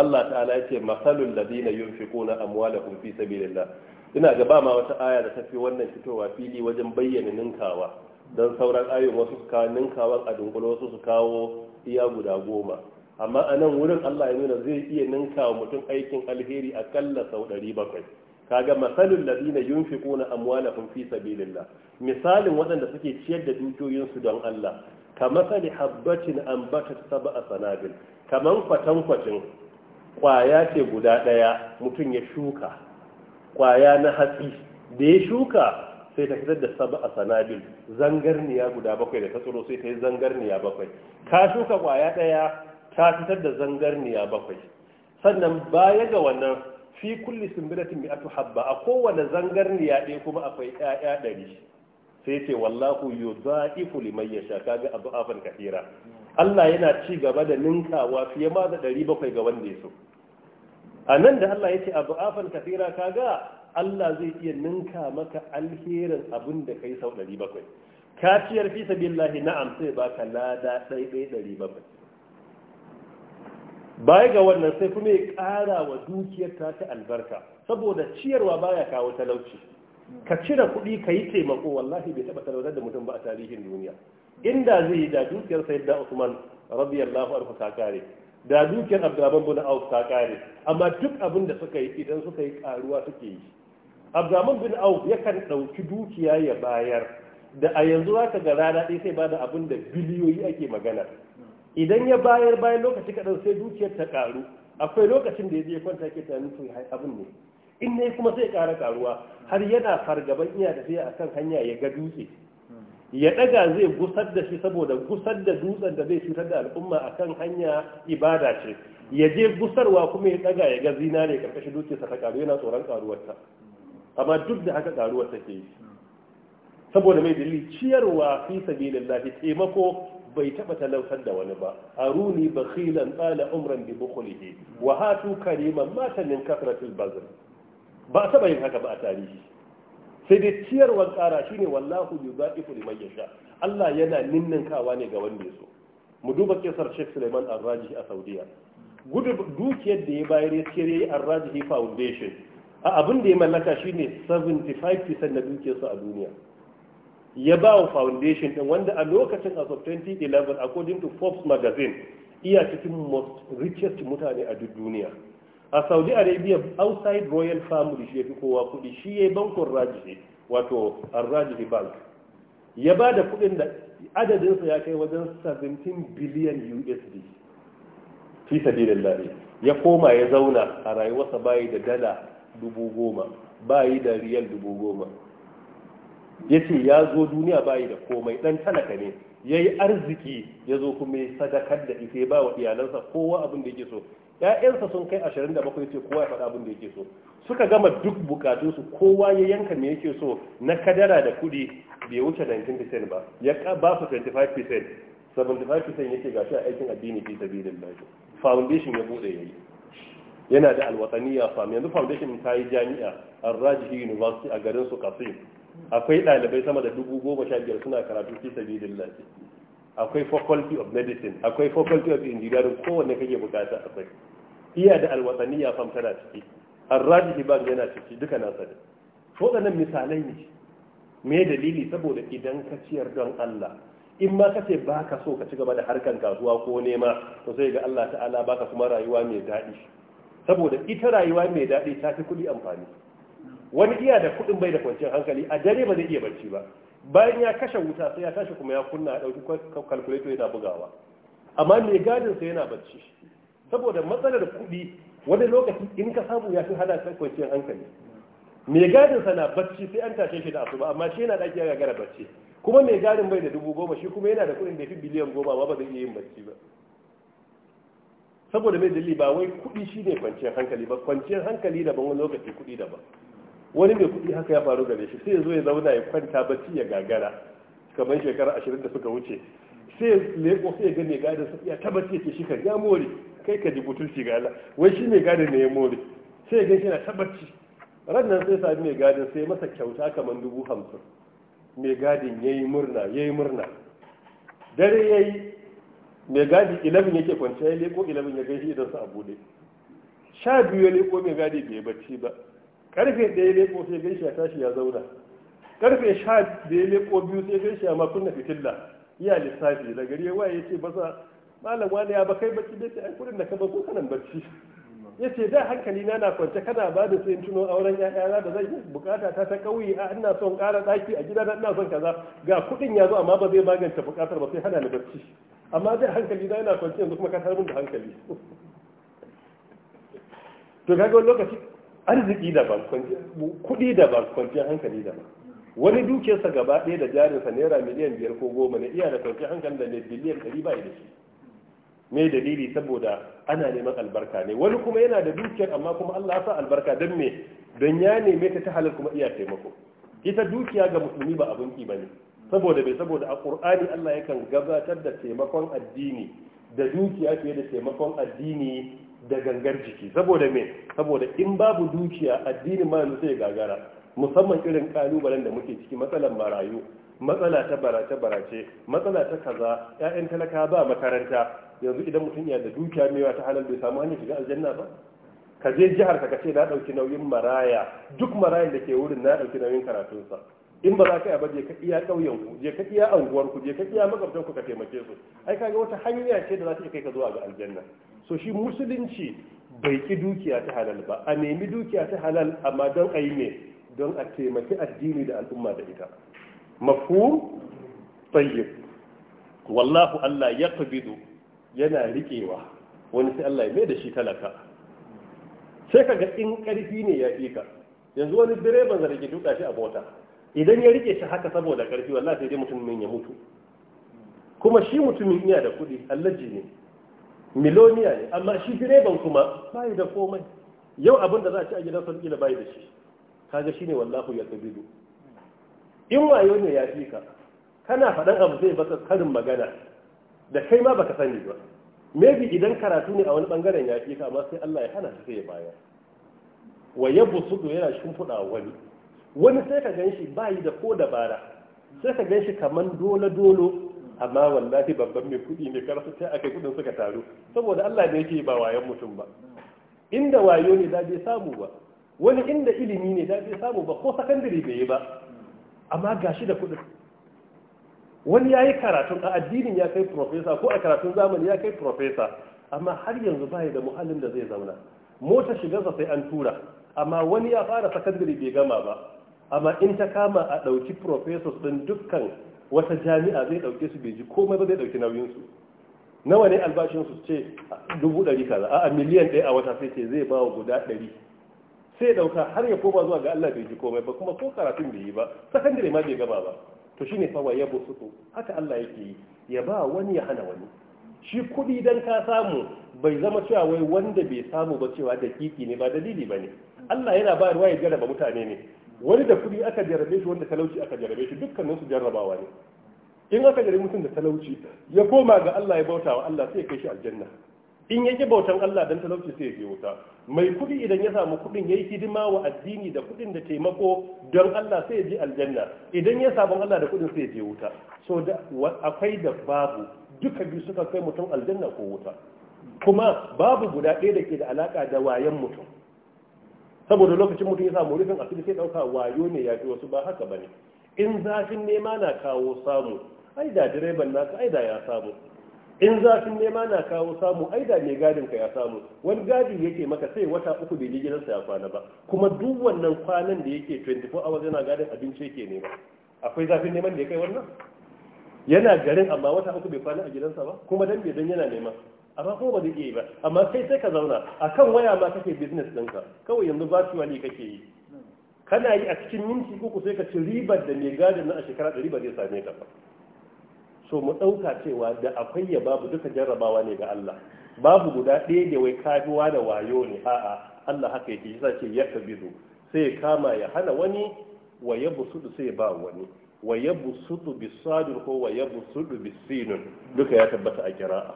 Allah ta'ala yace masalul ladina yunfiquna amwalahum fi sabilillah ina ga ba ma wata aya da ta fi wannan fitowa fili wajen bayyana ninkawa don sauran ayon wasu su kawo ninkawan a dunkule wasu su kawo iya guda goma amma a nan wurin Allah ya nuna zai iya ninka wa mutum aikin alheri akalla sau 700 kaga masalin ladina yunfiquna amwalahum fi sabilillah misalin waɗanda suke ciyar da dukiyoyinsu don Allah kamasali habbatin ambatat sab'a sanabil kaman kwatankwacin kwaya ce guda ɗaya mutum ya shuka kwaya na hatsi da ya shuka sai ta fitar da saba sanabil zangarniya guda bakwai da ta tsoro sai ta yi zangarniya bakwai ka shuka kwaya ɗaya ta fitar da zangarniya bakwai sannan baya ga wannan fi kulli sumbilatin bi atu habba a kowane zangarniya ɗaya kuma akwai ƴaƴa ɗari sai ce wallahu yudha'ifu liman yasha kaga adu'afan kathira Allah yana ci gaba da ninkawa fiye ma da 700 ga wanda ya so a nan da Allah ya ce adu'afan kathira kaga Allah zai iya ninka maka alherin abin da kai sau 700 kaciyar fi sabilillahi na'am sai baka lada ɗaya ɗari 700 baya ga wannan sai kuma ya ƙara wa dukiyar ta ta albarka saboda ciyarwa baya kawo talauci ka cire kuɗi ka yi taimako wallahi bai taɓa talautar da mutum ba a tarihin duniya inda zai yi da dukiyar da usman radiyallahu anhu ta kare da dukiyar abdurrahman bin auf ta kare amma duk abin da suka yi idan suka yi karuwa suke yi abdurrahman bin auf yakan ɗauki dukiya ya bayar da a yanzu zaka ga rana ɗaya sai ba da abin da biliyoyi ake magana idan ya bayar bayan lokaci kaɗan sai dukiyar ta ƙaru akwai lokacin da ya je kwanta ke tunanin to abin ne in ne kuma sai ƙara ƙaruwa har yana fargaban iya tafiya akan hanya ya ga dutse ya ɗaga zai gusar da shi saboda gusar da dutsen da zai cutar da al'umma akan hanya ibada ce ya je gusarwa kuma ya ɗaga ya ga zinare karkashin sa ta ƙaru yana tsoron ƙaruwarta amma duk da haka ƙaruwar take yi saboda mai dalili ciyarwa fi sabilillahi taimako bai taba talautar da wani ba aruni bakhilan tsala umran bi bukhlihi wa hatu kariman mata min kasratil bazr ba taba yin haka ba a tarihi sai dai ciyarwar tsara shine wallahu yudaifu liman yasha Allah yana ninninkawa ne ga wanda yaso mu duba kisar Sheikh Suleiman Arraji a Saudiya gudu dukiyar da ya bayar ya cire Arraji Foundation a abin da ya mallaka shine 75% na dukiyarsa a duniya ya ba wa foundation din wanda a lokacin as of 2011 according to Forbes magazine iya cikin most richest mutane a duk duniya a Saudi Arabia outside royal family shi ya fi kowa kudi shi ya yi bankon Rajihi wato rajihi Bank ya ba da kudin da adadinsa ya kai wajen 17 billion USD fi sabilillah ya koma ya zauna a rayuwarsa bayi da dala dubu goma bayi da riyal dubu goma ya ce ya zo duniya bayi da komai dan talaka ne ya yi arziki ya zo kuma ya sadakar da ita ya ba wa iyalansa kowa abin da yake so ‘ya'yansa sun kai 27 ce kowa ya faɗa abin da yake so suka gama duk su kowa ya yanka me yake so na kadara da kuɗi bai wuce 19% ba ya ba su 25% 75% yake gashi a aikin addini fi sabilillah foundation ya bude yayi yana da alwataniya fam yanzu foundation ta yi jami'a a rajihi University a garin su kafin akwai ɗalibai sama da dubu goma sha biyar suna karatu fi sabilillah akwai faculty of medicine akwai faculty of engineering kowanne kake bukata akwai iya da ya famta na ciki arraji ba yana ciki duka nasa da waɗannan misalai ne me dalili saboda idan ka ciyar don Allah in ma ka ce ba ka so ka ci gaba da harkar kasuwa ko nema to sai ga Allah ta'ala ba ka kuma rayuwa mai daɗi saboda ita rayuwa mai daɗi ta fi kuɗi amfani wani iya da kuɗin bai da kwanciyar hankali a dare ba zai iya barci ba bayan ya kashe wuta sai ya tashi kuma ya kunna a ɗauki calculator yana bugawa amma mai gadinsa yana barci saboda matsalar kuɗi wani lokaci in ka samu ya fi hada kan kwanciyar hankali mai gadinsa na barci sai an tashe shi da asuba amma shi yana ɗaki ya gagara barci kuma mai gadin bai da dubu goma shi kuma yana da kuɗin da fi biliyan goma amma ba zai iya yin barci ba saboda mai dalili ba wai kuɗi shi ne kwanciyar hankali ba kwanciyar hankali daban wani lokaci kuɗi daban wani mai kuɗi haka ya faru gare shi sai ya zo ya zauna ya kwanta bacci ya gagara kamar shekara ashirin da suka wuce sai ya leko sai ya ga mai gadin sa ya tabbaci yake shi kan ya more kai ka ji butulci ga Allah wai shi mai gadin ne ya more sai ya ga shi na tabbaci ran nan sai sami mai gadin sai masa kyauta kamar dubu hamsin mai gadin ya yi murna ya yi murna dare ya yi mai gadi ya yake kwanciya ya leko ilamin ya gaishe idan su a bude sha biyu ya leko mai gadi bai bacci ba karfe ɗaya ko sai gaishe ya tashi ya zauna karfe sha da ya leƙo biyu sai gaishe ya ma kunna fitilla iya lissafi da gari yawa ya ce basa malam wani ya ba kai bacci da ce ai kudin da ka ba ko kanan bacci ya ce da hankali na na kwance kana ba da sai tuno auren ƴaƴana da zai bukata ta ta ƙauye a ina son ƙara ɗaki a gida ina son kaza ga kuɗin ya zo amma ba zai magance bukatar ba sai hana ni bacci amma da hankali na yana kwance yanzu kuma ka tarmin da hankali to kaga lokaci arziki daban kuɗi daban kwanciyar hankali daban wani dukiyarsa gaba ɗaya da jarinsa naira miliyan biyar ko goma ne iya da kwanciyar hankali da miliyan ɗari ba da shi me dalili saboda ana neman albarka ne wani kuma yana da dukiyar amma kuma Allah ya sa albarka don me don ya neme ta ta halal kuma iya taimako ita dukiya ga musulmi ba abin ki bane saboda bai saboda a qur'ani Allah yakan gabatar da taimakon addini da dukiya fiye da taimakon addini da gangar jiki saboda me saboda in babu dukiya addinin ma yanzu sai gagara musamman irin kalubalen da muke ciki matsalar marayu matsala ta barace barace matsala ta kaza ƴaƴan talaka ba makaranta yanzu idan mutum yana da dukiya mewa ta halal bai samu hanyar shiga aljanna ba ka je jihar ka ce na ɗauki nauyin maraya duk marayan da ke wurin na ɗauki nauyin karatunsa in ba za ka ba je ka iya ƙauyenku ku je ka iya anguwarku je ka iya makwabtanku ka taimake su ai kaga wata hanya ce da za ta iya kai ka zuwa ga aljanna so shi musulunci bai ki dukiya ta halal ba a nemi dukiya ta halal amma don a yi ne don a taimaki addini da al'umma da ita mafhum tayyib wallahu Allah ya kabidu yana riƙewa wani sai Allah ya mai da shi talaka sai kaga in ƙarfi ne ya fika yanzu wani direban zargi duka shi a bota. idan ya rike shi haka saboda karfi wallahi sai dai mutumin ya mutu kuma shi mutumin iya da kuɗi allaji ne miloniya ne amma shi direban kuma bai da komai yau abin da za a ci a gidan sarki da bai da shi kaga shine wallahi ya kabilu in wayo ne ya fi ka kana faɗan abu zai baka karin magana da kai ma baka sani ba maybe idan karatu ne a wani bangaren ya fi ka amma sai Allah ya hana shi sai ya bayar wa sudu yana shimfiɗa wani wani sai ka gan shi bayi da ko dabara sai ka gan shi kaman dole-dole, amma wallafi babban mai kuɗi ne karasa sai aka kuɗin suka taru saboda Allah da yake ba wayan mutum ba inda wayo ne da bai samu ba wani inda ilimi ne da bai samu ba ko sakandare bai yi ba amma gashi da kudin wani ya yi karatun a addinin ya kai profesa ko a karatun zamani ya kai profesa amma har yanzu bai da muhallin da zai zauna mota shigarsa sai an tura amma wani ya fara sakandare bai gama ba amma in ta kama a ɗauki professors ɗin dukkan wata jami'a zai ɗauke su bai ji komai ba zai ɗauki nauyinsu nawa ne albashinsu su ce dubu ɗari kaza a miliyan ɗaya a wata sai ce zai ba wa guda ɗari sai ɗauka har ya koma zuwa ga Allah bai ji komai ba kuma ko karatun bai yi ba sakandare ma bai gaba ba to shine fa ya busuku haka Allah yake yi ya ba wani ya hana wani shi kuɗi dan ka samu bai zama cewa wai wanda bai samu ba cewa dakiki ne ba dalili ba ne Allah yana ba ruwa ya jarraba mutane ne wani da kuɗi aka jarabe shi wanda talauci aka jarabe shi dukkanin su jarrabawa ne in aka jarabe mutum da talauci ya koma ga Allah ya bauta wa Allah sai ya kai shi aljanna in ya ki bautan Allah dan talauci sai ya je wuta mai kuɗi idan ya samu kuɗin yayi hidima wa addini da kuɗin da taimako don Allah sai ya je aljanna idan ya sabon Allah da kuɗin sai ya je wuta so da akwai da babu duka biyu suka kai mutum aljanna ko wuta kuma babu guda ɗaya da ke da alaka da wayan mutum saboda lokacin mutum ya samu rufin asiri sai ɗauka wayo ne ya fi wasu ba haka ba ne in zafin nema na kawo samu ai da direban naka ai da ya samu in zafin nema na kawo samu ai da mai gadin ka ya samu wani gadi yake maka sai wata uku bai je gidansa ya kwana ba kuma duk wannan kwanan da yake 24 hours yana gadin abinci yake nema akwai zafin neman da ya kai wannan yana garin amma wata uku bai kwana a gidansa ba kuma dan bai dan yana nema amma kuma ba zai yi ba amma kai sai ka zauna a kan waya ma kake business ɗinka kawai yanzu wani kake yi kana yi a cikin minti uku sai ka ci ribar da mai gadin na a shekara ɗari ba zai same ka ba so mu ɗauka cewa da akwai ya babu duka jarrabawa ne ga Allah babu guda ɗaya da wai kafiwa da wayo ne a'a Allah haka yake yasa ce ya kabiru sai ya kama ya hana wani wa ya busudu sai ba wani wa ya busudu bisadun ko wa ya busudu bisinun duka ya tabbata a kira'a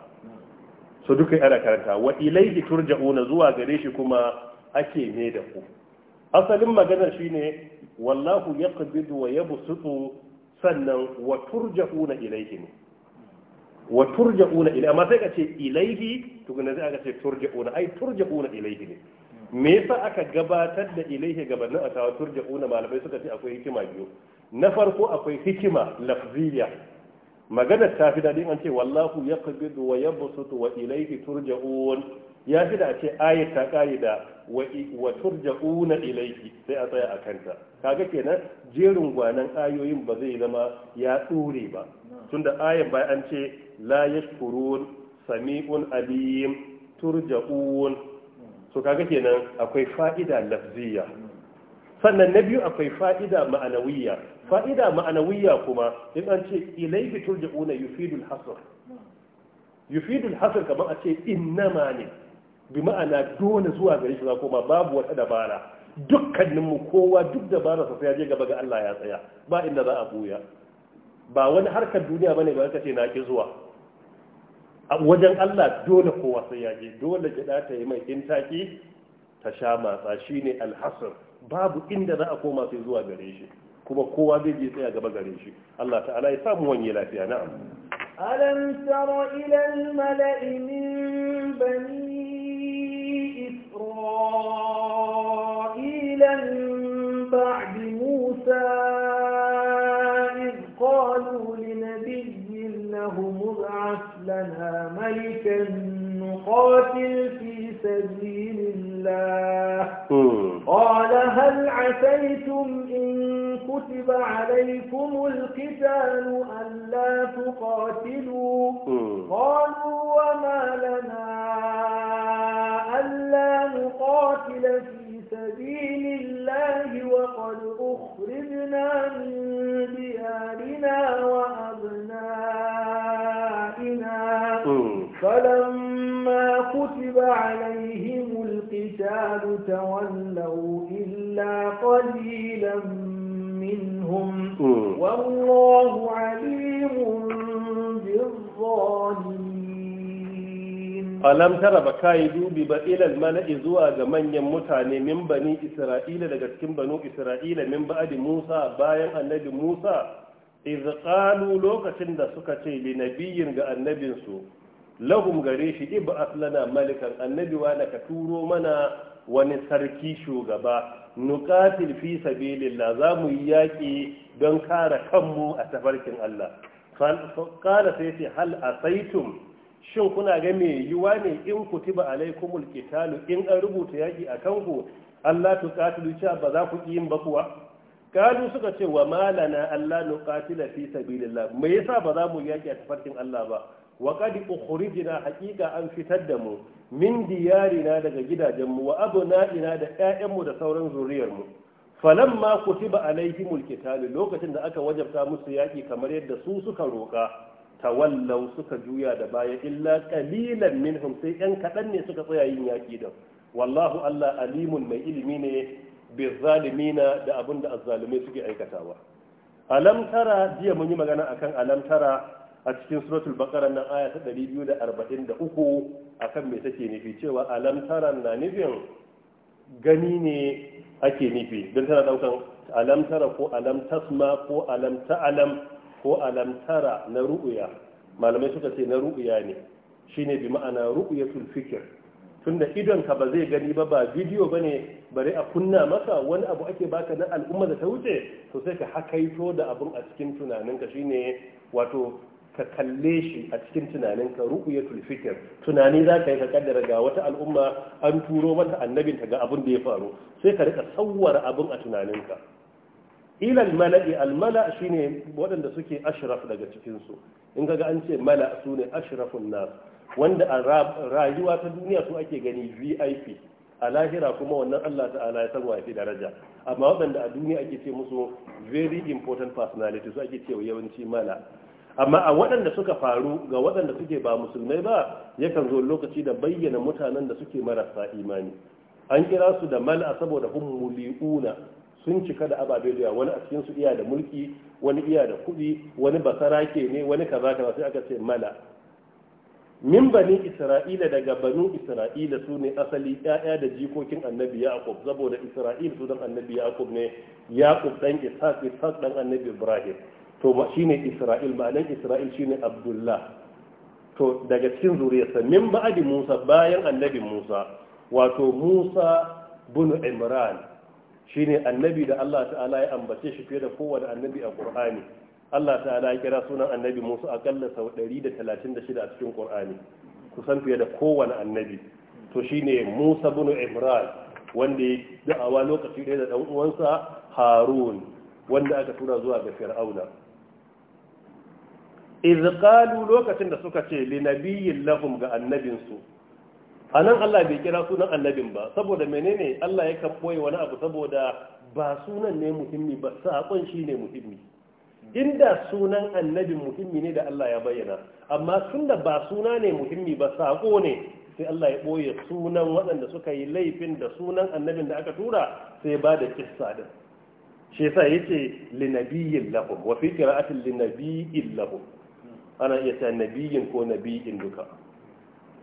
so duka ana karanta wa ilaihi turja'una zuwa gare shi kuma ake ne da ku asalin magana shine wallahu yaqbidu wa yabsutu sannan wa turja'una ilaihi ne wa turja'una ilaihi amma sai ka ce ilaihi tukuna sai aka ce turja'una ai turja'una ilaihi ne me yasa aka gabatar da ilaihi gabanin a tawa turja'una malamai suka ce akwai hikima biyu na farko akwai hikima lafziya Maganar ta fi daɗi an ce wallahu ya kabidu wa ya busutu wa ilaihi turja'un ya fi da a ce ayat ta ƙari da wa turja'una ilaihi sai a tsaya a kanta kaga kenan jerin gwanan ayoyin ba zai zama ya tsure ba tunda ayan bai an ce la yashkurun sami'un alim turja'un to kaga kenan akwai fa'ida lafziya sannan na biyu akwai fa'ida ma'anawiyya fa'ida ma'anawiyya kuma in an ce ilaihi turja'una yufidul hasr yufidul hasr kamar a ce innama ne bi ma'ana dole zuwa gare shi za koma babu wata dabara dukkaninmu kowa duk dabara sa sai ya je gaba ga Allah ya tsaya ba inda za a buya ba wani harkar duniya bane ba ka ce na ki zuwa a wajen Allah dole kowa sai ya je dole gida ta yi mai in taki ta sha matsa shine alhasr babu inda za a koma sai zuwa gare shi kuma kowa zai je tsaya gaba gare shi Allah ta'ala ya samu wani lafiya na'am alam tara ila al mala'i min bani isra'ila ba'd musa إذ na لنبي له مبعث لنا ملكا نقاتل في سبيل الله قال هل عسيتم إن كتب عليكم القتال ألا تقاتلوا قالوا وما لنا ألا نقاتل في سبيل الله وقد أخرجنا من ديارنا وأبنائنا فلما كتب عليهم القتال تولوا إلا قليلا منهم والله عليم بالظالمين ألم ترى بكاي دوبي بإلى الملأ زوا جمن يمتاني من بني إسرائيل لجتكم بنو إسرائيل من بعد موسى باين النبي موسى إذ قالوا لوكة سكتي لنبي عن نبي سوء lahum gare shi ib aslana malikan annabi wa ka turo mana wani sarki shugaba nuqatil fi sabilillah za mu yi yaƙi don kare kanmu a tafarkin Allah qala sai ce hal asaitum shin kuna ga me yiwa ne in kutiba alaikumul qitalu in an rubuta yaƙi a kanku Allah qatilu cha ba za ku yin ba kuwa kadu suka ce wa malana Allah nuqatila fi sabilillah me yasa ba za mu yaki a tafarkin Allah ba wa qad ukhrijna haqiqa an fitar da mu min diyarina daga mu wa abna'ina da mu da sauran zuriyar mu falamma kutiba alaihimul qital lokacin da aka wajabta musu yaki kamar yadda su suka roka tawallau suka juya da baya illa qalilan minhum sai ƴan kaɗan ne suka tsaya yin yaki da wallahu Allah alimun mai ilimi ne bizalimina da abinda azzalumai suke aikatawa alam tara jiya mun yi magana akan alam tara a cikin suratul baqara nan aya ta 243 akan me take nufi cewa alam taran na nufin gani ne ake nufi don tana daukan alam tara ko alam tasma ko alam ta'lam ko alam tara na ru'ya malamai suka ce na ru'ya ne shine bi ma'ana ru'yatul fikr tunda idon ka ba zai gani ba ba bidiyo bane bare a kunna maka wani abu ake baka na al'umma da ta wuce to sai ka hakaito da abun a cikin tunaninka shine wato ka kalle shi a cikin tunaninka ya tulfitir tunani za ka yi ka kaddara ga wata al'umma an turo mata annabin ta ga abin da ya faru sai ka rika sawwara abin a tunaninka ila al-mala'i al-mala shine waɗanda suke ashraf daga cikin su in kaga an ce mala sune ashrafun nas wanda a rayuwa ta duniya su ake gani VIP a lahira kuma wannan Allah ta'ala ya san wafi daraja amma waɗanda a duniya ake ce musu very important personality su ake cewa yawanci mala amma a waɗanda suka faru ga waɗanda suke ba musulmai ba yakan zo lokaci da bayyana mutanen da suke marasa imani an kira su da mal'a saboda hun muli'una sun cika da ababe da wani a cikinsu iya da mulki wani iya da kuɗi wani basara ke ne wani kaza kaza sai aka ce mala min bani isra'ila daga banu isra'ila su ne asali yaya da jikokin annabi yaqub saboda isra'ila su dan annabi yaqub ne yaqub dan ishaq ishaq dan annabi ibrahim to ne isra'il Ma'anin isra'il shine abdullah to daga cikin zuriyarsa min ba'adi musa bayan annabi musa wato musa bin imran shine annabi da Allah ta'ala ya ambace shi fiye da kowane annabi a qur'ani Allah ta'ala ya kira sunan annabi musa akalla sau 136 a cikin qur'ani kusan fiye da kowane annabi to ne musa bin imran wanda ya da'awa lokaci da dan uwansa harun wanda aka tura zuwa ga fir'auna izqalu lokacin da suka ce li nabiyyin lahum ga annabinsu anan Allah bai kira sunan annabin ba saboda menene Allah ya kan boye wani abu saboda ba sunan ne muhimmi ba saƙon shi ne muhimmi inda sunan annabin muhimmi ne da Allah ya bayyana amma tunda ba suna ne muhimmi ba saƙo ne sai Allah ya boye sunan waɗanda suka yi laifin da sunan annabin da aka tura sai ba da kissa din shi yasa yace linabiyyin lahum wa fi qira'atin linabiyyin lahum ana iya cewa nabiyin ko nabiyin duka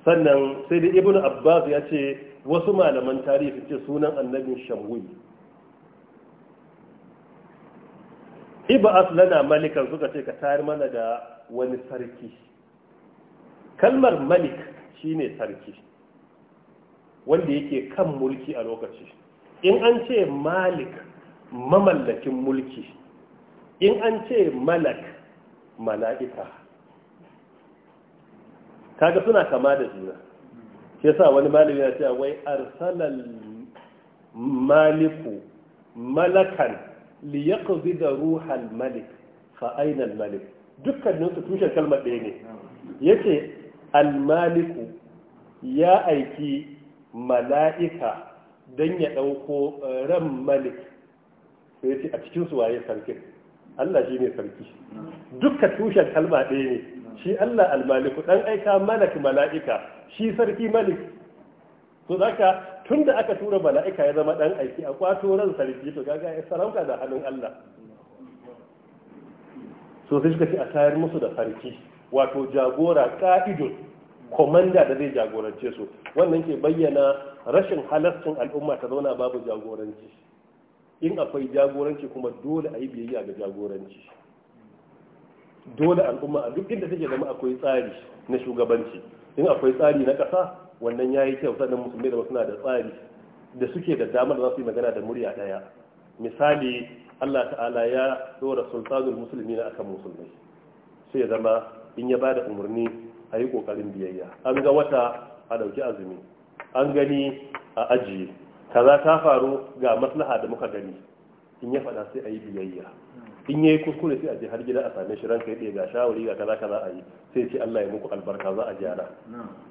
sannan sai da ibnu abbas ya ce wasu malaman tarihi ce sunan annabin shamwi ibas lana malikan suka ce ka tayar mana da wani sarki kalmar malik shine sarki wanda yake kan mulki a lokaci in an ce malik mamallakin mulki in an ce malak mala'ika kaga suna kama da juna shi yasa wani malami ya ce wai arsalal maliku malakan li da ruhal malik fa aina al malik dukkanin su tushen kalmar ɗaya ne yace al maliku ya aiki mala'ika dan ya ɗauko ran malik sai ya ce a cikin su waye sarkin Allah shine sarki dukkan tushen kalma ɗaya ne shi Allah almaliku dan aika malak mala'ika shi sarki malik to zaka tunda aka tura mala'ika ya zama dan aiki a kwato ran sarki to gaga ya sarauta da halin Allah so sai suka a tayar musu da sarki wato jagora ka'idun komanda da zai jagorance su wannan ke bayyana rashin halascin al'umma ta zauna babu jagoranci in akwai jagoranci kuma dole a yi biyayya ga jagoranci dole al'umma a duk inda take zama akwai tsari na shugabanci in akwai tsari na ƙasa wannan yayi kyau sannan musulmai da suna da tsari da suke da damar za su yi magana da murya ɗaya misali Allah ta'ala ya dora sultanul musulmi na akan musulmai sai ya zama in ya bada umarni a yi ƙoƙarin biyayya an ga wata a ɗauki azumi an gani a ajiye kaza ta faru ga maslaha da muka gani in ya faɗa sai a yi biyayya in yayi kuskure sai a je har gida a same shi ranka yadda ga shawari ga kaza kaza a yi sai ce Allah ya muku albarka za a gyara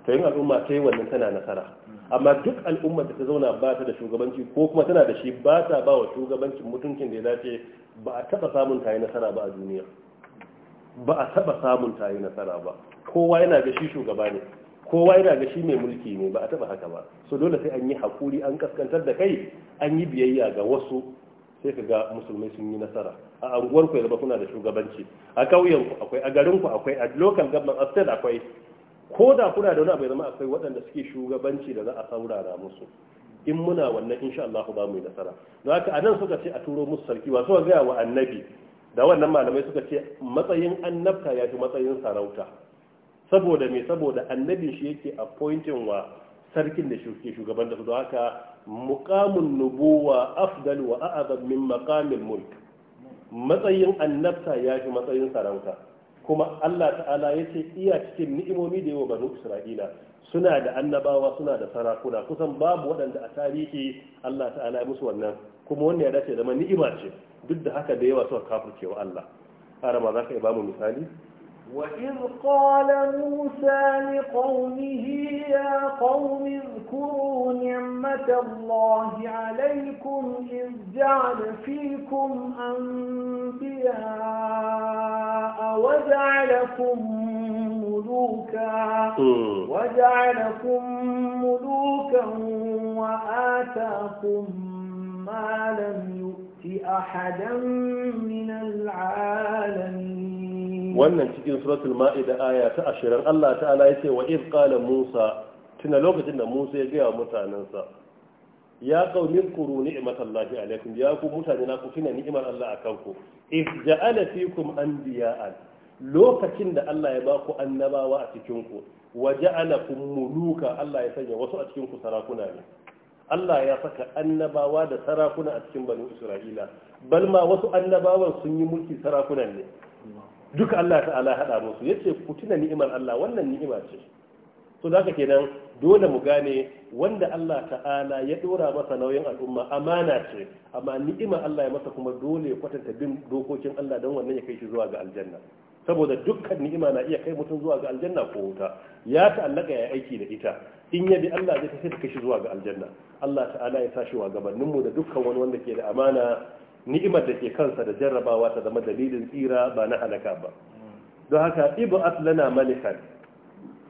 to yin al'umma ta yi wannan tana nasara mm. amma duk al'umma da ta zauna ba ta da shugabanci ko kuma tana da shi ba ta ba wa shugabancin mutuncin da ya dace ba a taba samun ta yi nasara ba a duniya ba a taba samun ta yi nasara ba kowa yana ga shi shugaba ne kowa yana ga shi mai mulki ne ba a taba haka ba so dole sai an yi hakuri an kaskantar da kai an yi biyayya ga wasu sai ka ga musulmai sun yi nasara a anguwar ku zama kuna da shugabanci a kauyen ku akwai a garin ku akwai a local government a state akwai ko da kuna da wani abu zama akwai waɗanda suke shugabanci da za a saurara musu in muna wannan insha Allah ba mu yi nasara don haka a nan suka ce a turo musu sarki wasu suka gaya wa annabi da wannan malamai suka ce matsayin annabta ya fi matsayin sarauta saboda me saboda annabin shi yake appointing wa sarkin da shi shugaban da su don haka Mukamin nubuwa afdal wa a'zam min maqamil mulk matsayin annabta ya fi matsayin sarauta kuma Allah ta'ala ya ce iya cikin ni'imomi da yawa banu Isra'ila suna da annabawa suna da sarakuna kusan babu waɗanda a tarihi Allah ta'ala ya musu wannan kuma wannan ya dace da ni'ima ce duk da haka da yawa suka wa Allah arama za ka ba mu misali وإذ قال موسى لقومه يا قوم اذكروا نعمة الله عليكم إذ جعل فيكم أنبياء وجعلكم ملوكا وجعلكم ملوكا وآتاكم ما لم يؤت أحدا من العالمين wannan cikin suratul ma'ida aya ta ashirin Allah ta'ala ya ce wa iz qala Musa tuna lokacin da Musa ya gaya mutanansa ya qaumi kuru ni'matallahi alaikum ya ku mutane na ku tuna ni'imar Allah akan ku iz ja'ala fikum anbiya'a lokacin da Allah ya baku annabawa a cikin ku wa ja'alakum muluka Allah ya sanya wasu a cikin ku sarakuna ne Allah ya saka annabawa da sarakuna a cikin bani Isra'ila bal ma wasu annabawan sun yi mulki sarakunan ne duka Allah ta'ala hada musu yace ku tuna ni'imar Allah wannan ni'ima ce to zaka kenan dole mu gane wanda Allah ta'ala ya dora masa nauyin al'umma amana ce amma ni'imar Allah ya masa kuma dole ya kwatanta bin dokokin Allah dan wannan ya kai shi zuwa ga aljanna saboda dukkan ni'ima na iya kai mutum zuwa ga aljanna ko wuta ya ta'allaka ya aiki da ita in yabi Allah zai tafi kai shi zuwa ga aljanna Allah ta'ala ya tashi wa mu da dukkan wani wanda ke da amana ni'imar da ke kansa da jarrabawa ta zama dalilin tsira ba na halaka ba don haka ibu aslana malikan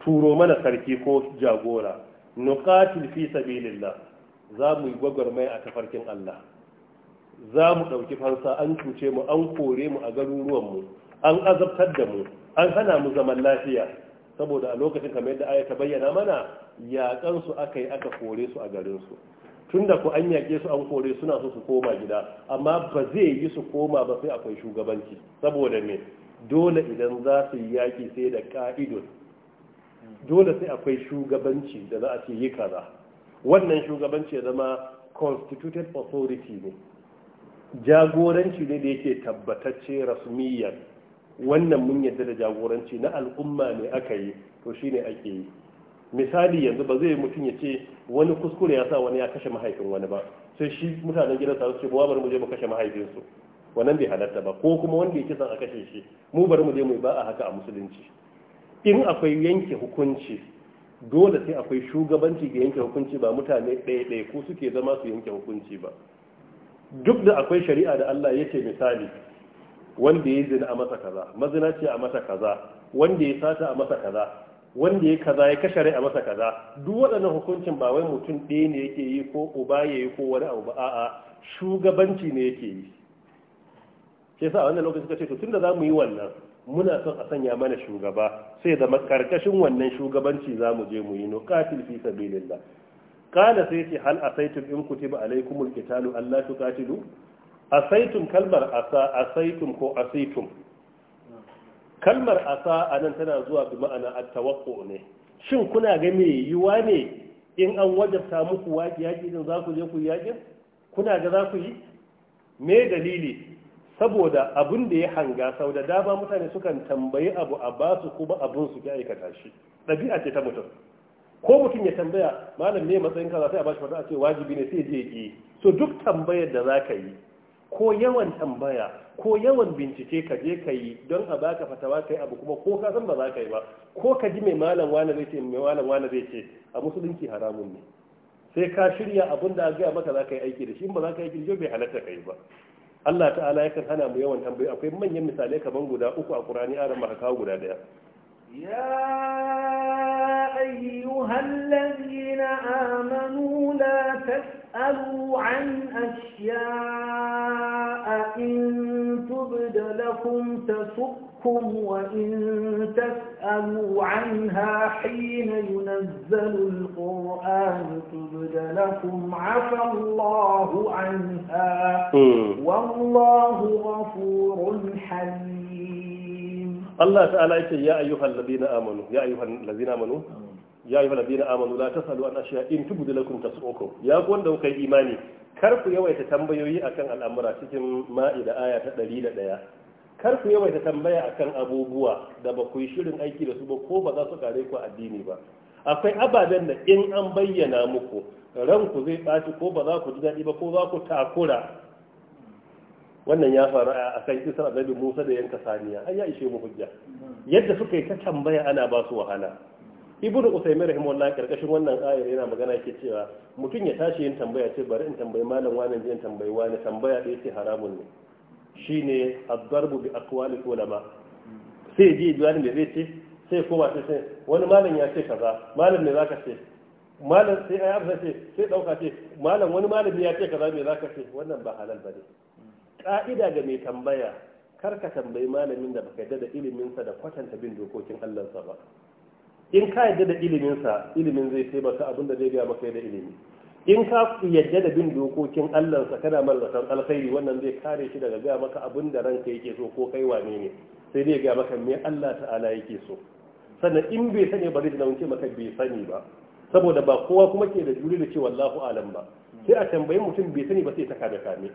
turo mana sarki ko jagora nuqatil fi sabilillah za mu yi gwagwarmai a tafarkin Allah za mu ɗauki fansa an cuce mu an kore mu a garuruwan mu, an azabtar da mu an hana mu zaman lafiya saboda a lokacin kamar yadda aya ta bayyana mana yaƙansu aka yi aka kore su a garinsu tunda ku an yaƙe su an kore suna so su koma gida amma ba zai yi su koma ba sai akwai shugabanci saboda me dole idan za su yi yaƙi sai da ka'idun dole sai akwai shugabanci da za a ce yi kaza wannan shugabanci ya zama constituted authority ne jagoranci ne da yake tabbatacce rasmiyar wannan mun yadda da jagoranci na al'umma ne aka yi to shine ake yi misali yanzu ba zai mutum ya ce wani kuskure ya sa wani ya kashe mahaifin wani ba sai shi mutanen gidan sa su ce bari mu je mu kashe mahaifinsu wannan bai halatta ba ko kuma wanda ya son a kashe shi mu bari mu je mu ba a haka a musulunci in akwai yanke hukunci dole sai akwai shugabanci ga yanke hukunci ba mutane ɗaya ɗaya ko suke zama su yanke hukunci ba duk da akwai shari'a da Allah ya ce misali wanda ya zina a masa kaza mazina ce a masa kaza wanda ya sata a masa kaza wanda ya kaza ya kashe rai a masa kaza duk waɗannan hukuncin ba wai mutum ɗaya ne yake yi ko uba ya yi ko wani abu ba a'a shugabanci ne yake yi sai sa a wannan lokacin suka ce to tunda za mu yi wannan muna son a sanya mana shugaba sai zama karkashin wannan shugabanci za mu je mu yi no katil fi sabilillah kana sai ce hal asaitum in kutiba alaikumul qitalu alla tuqatilu asaitum kalmar asa asaitum ko asaitum kalmar asa a nan tana zuwa bi ma'ana attawakko ne shin kuna ga me yiwa ne in an wajabta muku waki yaƙi din za ku je ku yaƙi kuna ga za ku yi me dalili saboda abin da ya hanga sau da dama mutane sukan tambayi abu a ba su kuma abin su ya aikata shi ɗabi'a ce ta mutum ko mutum ya tambaya malam ne matsayin kaza sai a bashi fata a ce wajibi ne sai je ki so duk tambayar da za ka yi ko yawan tambaya ko yawan bincike ka je ka yi don a baka fatawa kai abu kuma ko ka san ba za ka yi ba ko ka ji mai malam wani zai ce mai malam wani zai ce a musulunci haramun ne sai ka shirya abin da gaya maka za ka yi aiki da shi ba za ka yi aiki da bai halatta ka yi ba Allah ta'ala ya kan hana mu yawan tambayi akwai manyan misalai kaman guda uku a Qur'ani aran maka kawo guda daya يا أيها الذين آمنوا لا تسألوا عن أشياء إن تبد لكم تسقكم وإن تسألوا عنها حين ينزل القرآن تبد لكم عفى الله عنها والله غفور حليم Allah ta'ala yake ya ayyuhal ladina amanu ya ayyuhal ladina amanu ya ayyuhal ladina amanu la tasalu an ashiya in tubdu lakum tasukum ya ku wanda kuka yi imani kar ku yawaita tambayoyi akan al'amura cikin ma'ida aya ta 101 kar ku yawaita tambaya akan abubuwa da ba ku yi shirin aiki da su ba ko ba za su kare ku addini ba akwai ababen da in an bayyana muku ranku zai ɓaci ko ba za ku ji daɗi ba ko za ku takura wannan ya faru a kan kisar annabi musa da yanka saniya an ya ishe mu hujja yadda suka yi ta tambaya ana ba su wahala ibnu usaymin rahimahullah karkashin wannan ayar yana magana yake cewa mutum ya tashi yin tambaya ce bari in tambayi malam wani jin tambayi wani tambaya da ce haramun ne shine ad-darbu bi aqwali ulama sai ji wani me zai ce sai koma sai sai wani malam ya ce kaza malam ne zaka ce malam sai ai sai sai dauka ce malam wani malam ya ce kaza me zaka ce wannan ba halal bane ka'ida ga mai tambaya kar ka tambayi malamin da baka yadda da iliminsa da kwatanta bin dokokin Allahnsa ba in ka yadda da iliminsa ilimin zai taimaka abin da zai ga maka da ilimi in ka yadda da bin dokokin Allahnsa kana mallakar alkhairi wannan zai kare shi daga ga maka abin da ranka yake so ko kai wane ne sai dai ga maka me Allah ta'ala yake so sannan in bai sani ba zai nauce maka bai sani ba saboda ba kowa kuma ke da juri da cewa Allahu alam ba sai a tambayi mutum bai sani ba sai ta kada kame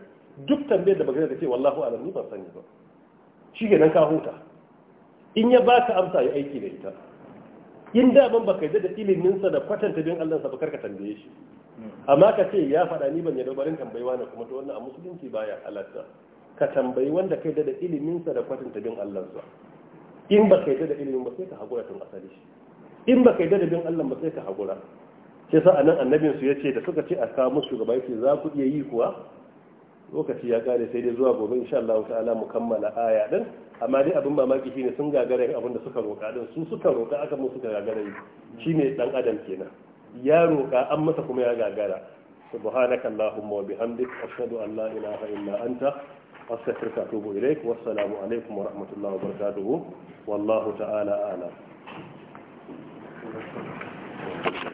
duk tambayar da baka da ke wallahu alam ni ban sani ba shi ke nan ka huta in ya baka amsa ya aiki da ita in da ban baka yadda da iliminsa da kwatanta bin allonsa ba karka tambaye shi amma ka ce ya faɗa ni ban yadda barin tambayewa ne kuma ta wannan a musulunci baya halatta ka tambayi wanda kai da iliminsa da kwatanta bin allonsa in ba kai da ilimin ba sai ka haƙura tun asali in ba kai da bin allon ba sai ka haƙura sai sa anan ya ce da suka ce a kawo musu shugaba za ku iya yi kuwa lokaci ya kare sai dai zuwa gobe insha Allah ta'ala mu kammala aya din amma dai abin mamaki shine sun gagara yin abin da suka roka din su suka roka aka musu suka gagara yi shine dan adam kenan ya roka an masa kuma ya gagara subhanaka allahumma wa bihamdik ashhadu an la ilaha illa anta astaghfiruka wa atubu ilaik assalamu alaikum wa rahmatullahi wa barakatuh wallahu ta'ala ala.